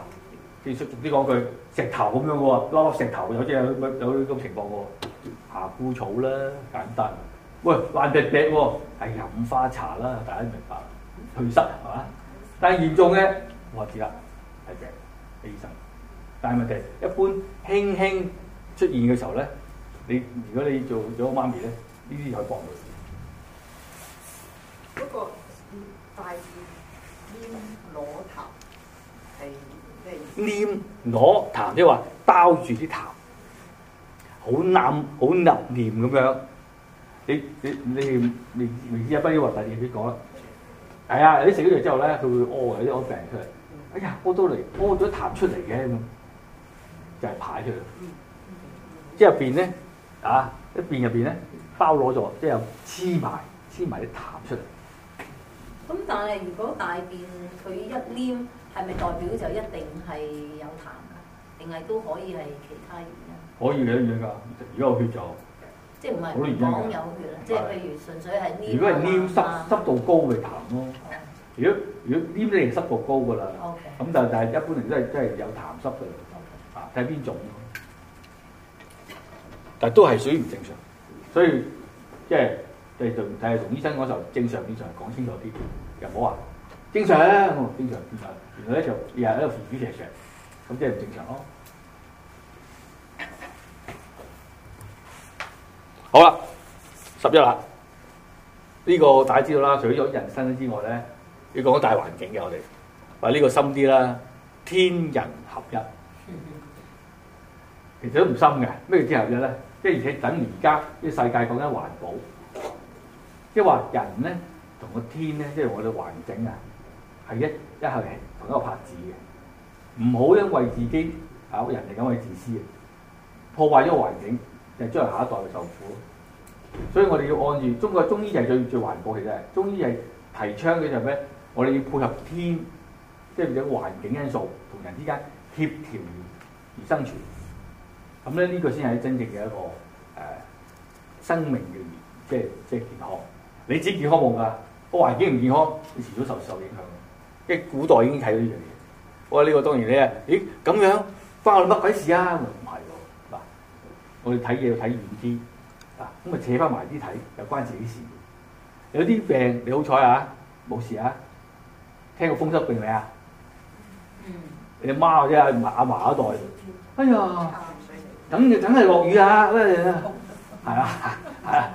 其實總之講句，石頭咁樣喎，粒石頭有啲有些有呢種情況喎。茶枯草啦，簡單。喂，還病病喎，係飲花茶啦，大家明白啦，祛濕係嘛？但係嚴重嘅，我知啦，係病，係醫生。但係問題，一般輕輕出現嘅時候咧，你如果你做咗媽咪咧，呢啲可以幫到。嗰個快點黏攞痰係咩意思？黏攞痰即係話包住啲痰。.好冧好入念咁樣，你你你你知阿斌要話第二點講啦。係啊，你食咗藥之後咧，佢會屙有啲屙病出嚟。哎呀，屙到嚟屙咗痰出嚟嘅、哎，就係、是、排出嚟。即入便咧啊，一便入邊咧包攞咗，即係黐埋黐埋啲痰出嚟。咁但係如果大便佢一黏，係咪代表就一定係有痰㗎？定係都可以係其他？可以嘅一樣㗎，如果有血就好多原因㗎，不不有血，能血即係譬如純粹係尿濕濕度高咪痰咯。如果如果黏咧係濕度高㗎啦，咁 Okay. 但就係一般嚟都係都係有痰濕嘅，啊睇邊種但係都係屬於唔正常，所以即係誒同睇下同醫生嗰時候正常唔正常講清楚啲，又唔好話正常，我正常正常，然後咧就又喺度副主石石，咁即係唔正常咯。哦好啦，十一啦，呢個大家知道啦。除咗人生之外咧，要講啲大環境嘅我哋，話呢個深啲啦，天人合一。其實都唔深嘅，咩叫天合一咧？即係而且等而家啲世界講緊環保，即係話人咧同個天咧，即係我哋環境啊，係一一係同一個拍子嘅，唔好因為自己搞人哋咁去自私啊，破壞咗環境。將來下一代嘅受苦，所以我哋要按住中國中醫就係最最環保嘅，啫。係中醫係提倡嘅就係咩？我哋要配合天，即係或環境因素同人之間協調而，而生存。咁咧呢、呢個先係真正嘅一個誒、呃、生命嘅，即係即係健康。你知健康冇㗎，個環境唔健康，你遲早受受影響。即係古代已經睇到呢樣嘢。我話呢個當然你咧，咦咁樣關我哋乜鬼事啊？我哋睇嘢要睇遠啲，嗱咁啊扯翻埋啲睇又關自己事。有啲病你好彩啊，冇事啊。聽過風濕病未啊？嗯。你媽啊啫，阿阿嫲一代。哎呀，嗯、等住等嚟落雨啊，咁、哎嗯、啊，係啊係啊。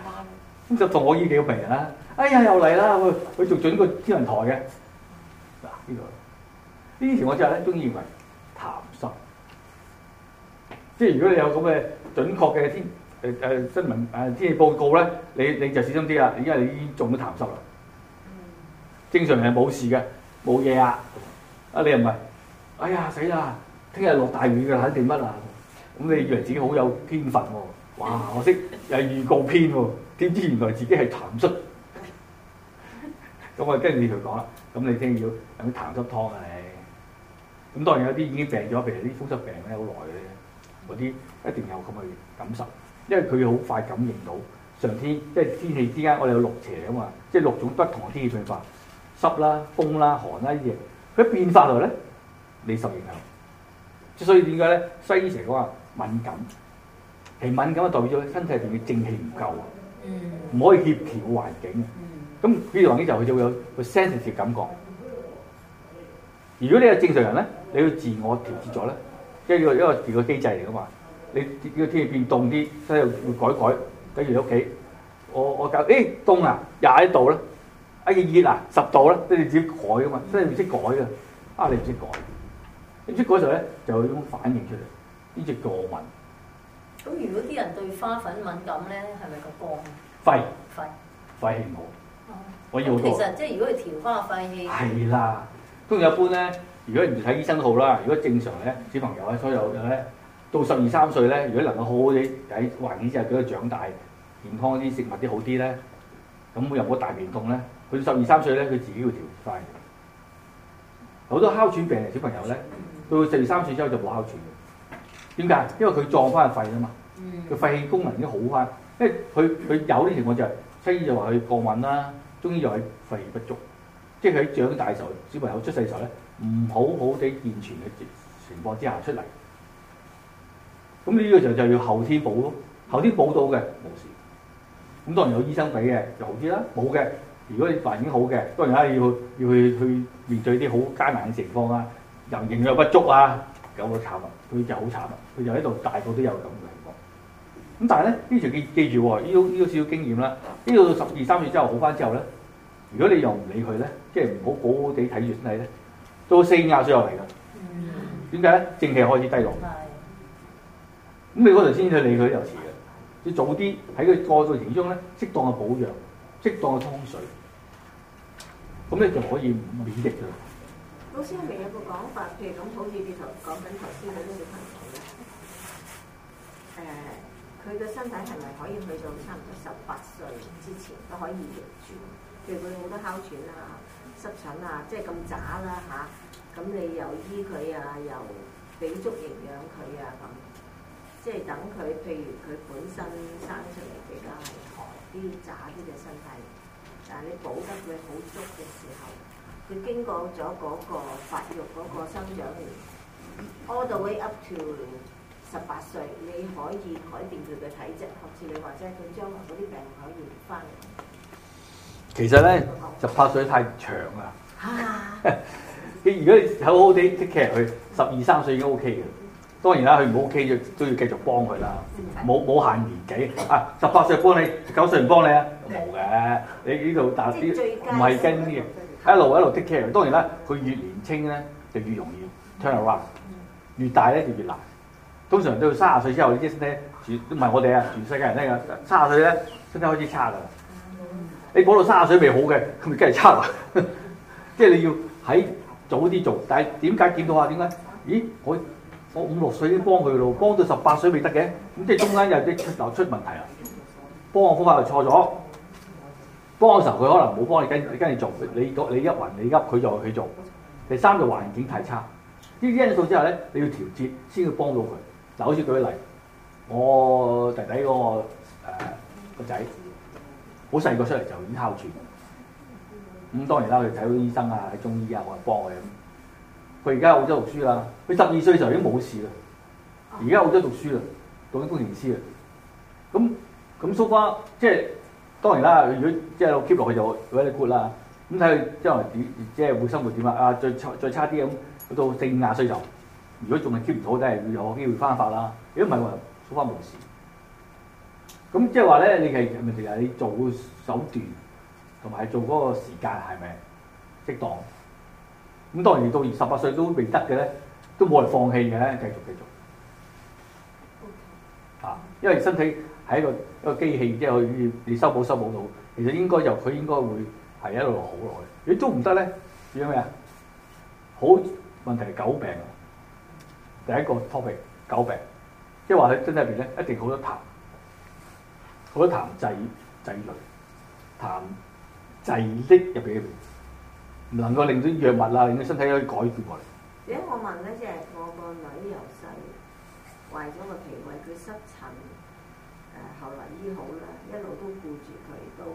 咁就同我依幾個病人啦。哎呀，又嚟啦，佢佢仲準個天文台嘅。嗱、這、呢個呢條我真係咧中意埋痰濕。即係如果你有咁嘅準確嘅天、呃、新聞誒、呃、天氣報告咧，你你就小心啲啦。而家你已經中咗痰濕啦。嗯、正常係冇事嘅，冇嘢啊。啊，你又唔係？哎呀，死啦！聽日落大雨嘅，睇定乜啊？咁你以為自己好有天分喎？哇！我識又預告片喎，點知原來自己係痰濕。咁 *laughs* 我跟住佢講啦。咁你聽要飲痰濕湯啊？你咁當然有啲已經病咗，譬如啲風濕病咧，好耐嘅咧。嗰啲一定有咁嘅感受，因為佢好快感應到上天，即係天氣之間，我哋有六邪啊嘛，即係六種不同嘅天氣、啊啊啊、變化，濕啦、風啦、寒啦呢啲嘢，佢變化落嚟咧，你受影響。之所以點解咧？西醫成日講話敏感，係敏感啊，代表咗身體入邊嘅正氣唔夠啊，唔可以協調環境。咁呢容易就佢就會有個 sense 嘅感覺。如果你係正常人咧，你要自我調節咗咧。即係因一因為一個機制嚟噶嘛，你如果天氣變凍啲，所以會改改。比如喺屋企，我我搞，咦凍啊，廿一度咧，一熱熱啊，十度咧，都你自己改噶嘛。所以你唔識改嘅，啊你唔識改，你唔識改嘅時候咧，就有種反應出嚟，呢隻過敏。咁如果啲人對花粉敏感咧，係咪咁幹肺肺肺氣唔好？哦、嗯，我要。其實即係如果佢調翻個肺氣，係啦，通常一般咧。如果唔睇醫生都好啦。如果正常咧，小朋友咧，所有嘅咧，到十二三歲咧，如果能夠好好哋喺環境之下俾佢長大，健康啲，食物啲好啲咧，咁會有冇大便痛咧？佢十二三歲咧，佢自己會調翻。好多哮喘病嘅小朋友咧，到十二三歲之後就冇哮喘嘅。點解？因為佢撞翻個肺啊嘛。佢、嗯、肺氣功能已經好翻，因為佢佢有啲情況就係、是，西醫就話佢過敏啦，中醫就係肺不足，即係佢喺長大時候，小朋友出世時候咧。唔好好地健全嘅情況之下出嚟，咁你呢個時候就要後天補咯。後天補到嘅冇事，咁當然有醫生俾嘅就好啲啦。冇嘅，如果你環境好嘅，當然啦要去要去去面對啲好艱難嘅情況啊，又營養不足啊，就好慘啊。佢就好慘啊，佢就喺度大個都有咁嘅情況。咁但係咧呢條記記住喎，呢、呢個呢少少經驗啦。呢、呢度、到十二三月之後好翻之後咧，如果你又唔理佢咧，即係唔好好好地睇住身體咧。到四廿歲入嚟㗎，點解咧？正氣開始低落，咁、嗯、你嗰陣先去理佢又遲啦，要早啲喺佢過渡過程中咧適當嘅保養、適當嘅湯水，咁你就可以免疫㗎啦。老師係咪有個講法？譬如咁，好似你頭講緊頭先嗰啲小朋友咧，誒、呃，佢嘅身體係咪可以去到差唔多十八歲之前都可以留住？譬如佢好多哮喘啊。濕疹啊，即係咁渣啦吓，咁、啊、你又醫佢啊，又補足營養佢啊咁、啊，即係等佢，譬如佢本身生出嚟比較係寒啲、渣啲嘅身體，但係你補得佢好足嘅時候，佢經過咗嗰個發育嗰個生長年 all the way up to 十八歲，你可以改變佢嘅體質，好似你話齋，佢將來嗰啲病可以翻嚟。其實呢，十八歲太長啦你、啊、 *laughs* 如果你好好哋 take care 佢，十二三歲已經 ok 嘅，當然啦，佢唔 ok 就都要繼續幫佢啦，冇冇限年紀，十八歲幫你，九歲唔幫你啊，冇嘅。你呢度大啲唔係驚啲嘅，一路一路 take care 當然啦，佢越年輕咧就越容易 turn around、嗯、越大咧就越難，通常到三十歲之後，你即係咧，唔係我哋啊，全世界人聽啊，三十歲呢，身體開始差㗎啦你講到三廿歲未好嘅，咁咪梗係差啦。即係你要喺早啲做，但係點解見到話點解？咦，我我五六歲已經幫佢咯，幫到十八歲未得嘅，咁即係中間有啲流出問題啦。幫我方法又錯咗，幫嘅時候佢可能冇幫你跟，你跟住做，你你一暈你鬱，佢就去做。第三個環境太差，呢啲因素之後咧，你要調節先要幫到佢。就好似舉例我，我弟弟嗰個誒個仔。呃好細個出嚟就已經哮喘，咁當然啦，佢睇好醫生啊，睇中醫啊，我幫佢咁。佢而家澳洲讀書啦，佢十二歲時候已經冇事啦。而家澳洲讀書啦，讀緊工程師啊。咁咁蘇花，即係當然啦。如果即係 keep 落去就 very good 啦。咁睇佢將來點，即係會生活點啊？啊，再再差啲咁，到四五廿歲就如果仲係 keep 唔到，都係會有機會翻發啦。如果唔係話，蘇花冇事。咁即係話咧，你係做手段，同埋做嗰個時間係咪適當？咁當然到二十八歲都未得嘅咧，都冇人放棄嘅，繼續繼續。啊，因為身體係一個一個機器，即係你修補修補到，其實應該就佢應該會係一路好耐。你都唔得咧，變咗咩啊？好問題係久病，第一個 topic，久病，即係話喺身體入邊咧一定好多痰。我談滯滯滯，談滯的入邊，唔能夠令到啲藥物啊，令到身體可以改變過嚟。而家我問咧，即係我個女由細壞咗個脾胃，佢濕疹，誒後來醫好啦，一路都顧住佢，都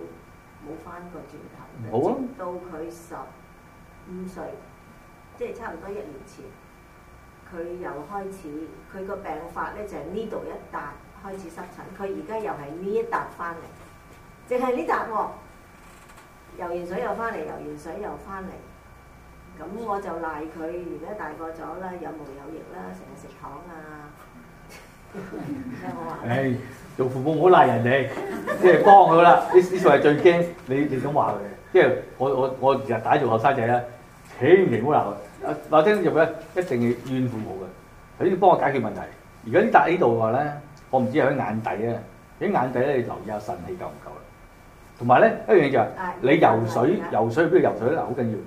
冇翻過轉頭。好啊！到佢十五歲，即係差唔多一年前，佢又開始，佢個病發咧就係呢度一笪。開始濕疹，佢而家又係呢一疊翻嚟，淨係呢疊喎，游完水又翻嚟，游完水又翻嚟，咁我就賴佢而家大個咗啦，有毛有翼啦，成日食糖啊，所以我話，誒、哎，做父母唔好賴別人哋，即係幫佢啦。呢呢啲係最驚，你你想話佢嘅，即係我我我日打做後生仔咧，千祈唔好鬧，我聽做嘅一定要怨父母嘅，佢要幫我解決問題。而家呢疊呢度話咧。我唔知喺眼底咧，喺眼底咧，你留意下腎氣夠唔夠啦。同埋咧，一樣嘢就係你游水，游水去邊度游水咧？好緊要，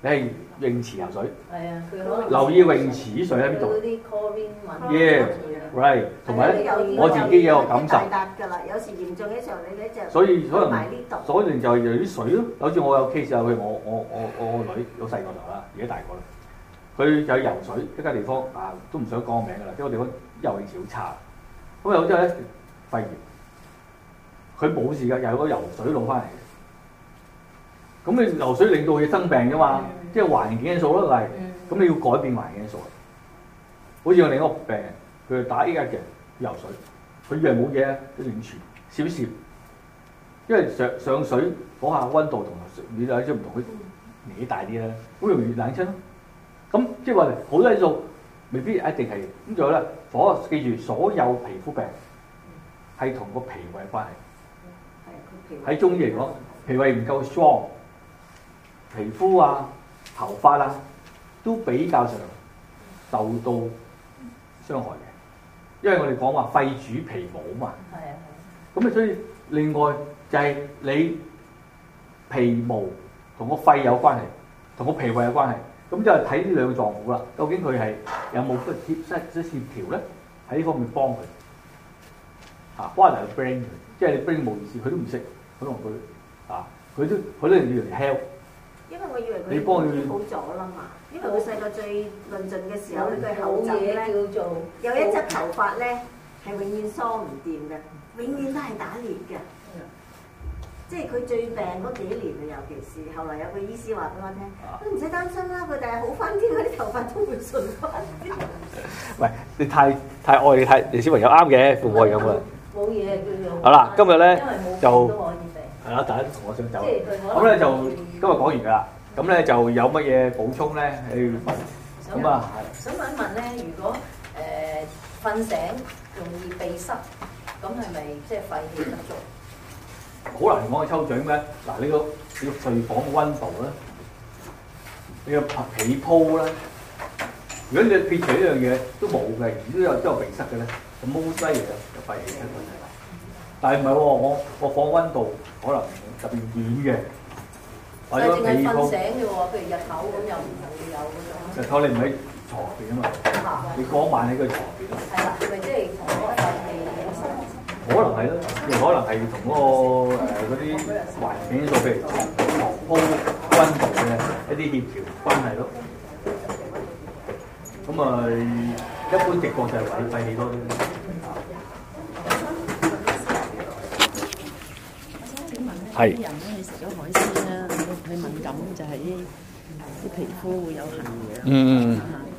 你係泳池游水。係啊，佢可能留意泳池水喺邊度。Yeah，right。同埋咧，我自己有個感受。所以可能，所以就係有啲水咯。好似我有 case 啊，譬如我我我我個女好細個頭啦，而家大個啦，佢就係游水一間地方啊，都唔想講名噶啦，因為地方遊泳池好差。咁有之後咧，肺炎，佢冇事嘅，又去游水攞翻嚟。咁你游水令到佢生病嘅嘛？即係環境因素咯，係對。咁是你要改變環境因素。好似我另一個病，佢打依家嘅游水，佢以為冇嘢，佢暖泉少少，因為上上水嗰下溫度同水暖氣出唔同，佢年紀大啲咧，好容易冷親。咁即係話好多因素。未必一定係咁，仲有咧，火記住所有皮膚病係同個脾胃有關係。喺中醫嚟講，脾胃唔夠 strong，皮膚啊、頭髮啊都比較上受到傷害嘅，因為我哋講話肺主皮毛啊嘛。咁啊的，所以另外就係你皮毛同個肺有關係，同個脾胃有關係。咁就係睇呢兩個狀況喇。究竟佢係有冇得協失咗協調咧？喺呢方面幫佢，嚇、啊，幫下佢 Bring 佢，即係你 Bring 冇意思，佢都唔識，可能佢，佢、啊、都佢都要人 help。因為我以為佢已經好咗啦嘛，因為佢細個最論盡嘅時候對、嗯、口佢呢，叫做有一隻頭髮呢，係種永遠梳唔掂嘅，嗯、永遠都係打結嘅。即係佢最病嗰幾年啊，尤其是後嚟有個醫師話俾我聽，都唔使擔心啦，佢但係好翻啲，嗰啲頭髮都會順翻啲。喂，你太太愛你太，你小朋友啱嘅，父母係咁啊。冇嘢，佢又好。好啦，今日咧就係啦，第一同我想走啦。咁咧就今日講完㗎啦。咁咧就有乜嘢補充咧？你要問咁啊？想問一問咧，如果誒瞓醒容易鼻塞，咁係咪即係肺氣不足？好難講嘅抽獎咩？嗱，呢個呢個睡房嘅温度咧，你個被鋪咧，如果你撇除呢樣嘢都冇嘅，而都有都有鼻塞嘅咧，咁毛塞嚟嘅，就廢氣嘅問題，但係唔係喎，我我房温度可能特別暖嘅。或者淨係瞓醒嘅喎，譬如日頭咁又唔會有嗰種日頭，你唔喺床邊啊嘛，你過晚喺、就是、個牀邊。係啦，咪即係同可能係咯，亦可能係同嗰個誒嗰啲環境因素，譬如陽光、温度嘅一啲協調關係咯。咁啊，一般極個就係胃廢氣多啲。係。有啲人都係食咗海鮮啦，佢敏感就係啲啲皮膚會有痕嘅。嗯嗯。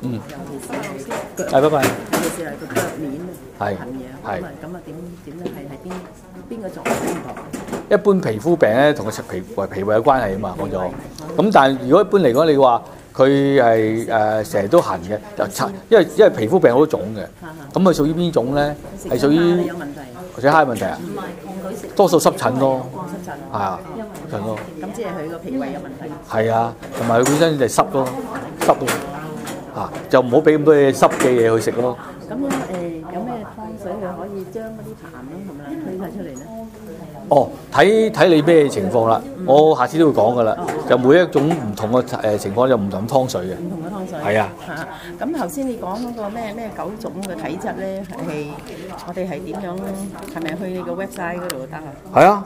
嗯，尤其是腳，尤其是係個腳面啊，痕嘢，咁啊，點點咧？係係邊邊個狀況？一般皮膚病咧，同個皮脾脾胃有關係啊嘛，講咗。咁但係如果一般嚟講，你話佢係誒成日都痕嘅，又疹，因為因為皮膚病好多種嘅，咁佢屬於邊種咧？係屬於或者蝦問題啊？唔係，同佢食。多數濕疹咯，係啊，係咯。咁即係佢個脾胃有問題。係啊，同埋佢本身嚟濕咯。啊！就唔好俾咁多嘢濕嘅嘢去食咯。咁樣誒，有咩湯水佢可以將嗰啲痰咧咁樣推曬出嚟咧？哦，睇睇你咩情況啦。我下次都會講噶啦。就每一種唔同嘅誒情況有唔同湯水嘅。唔同嘅湯水。係啊。咁頭先你講嗰個咩咩九種嘅體質咧係我哋係點樣？係咪去你個 website 嗰度得啊？係啊。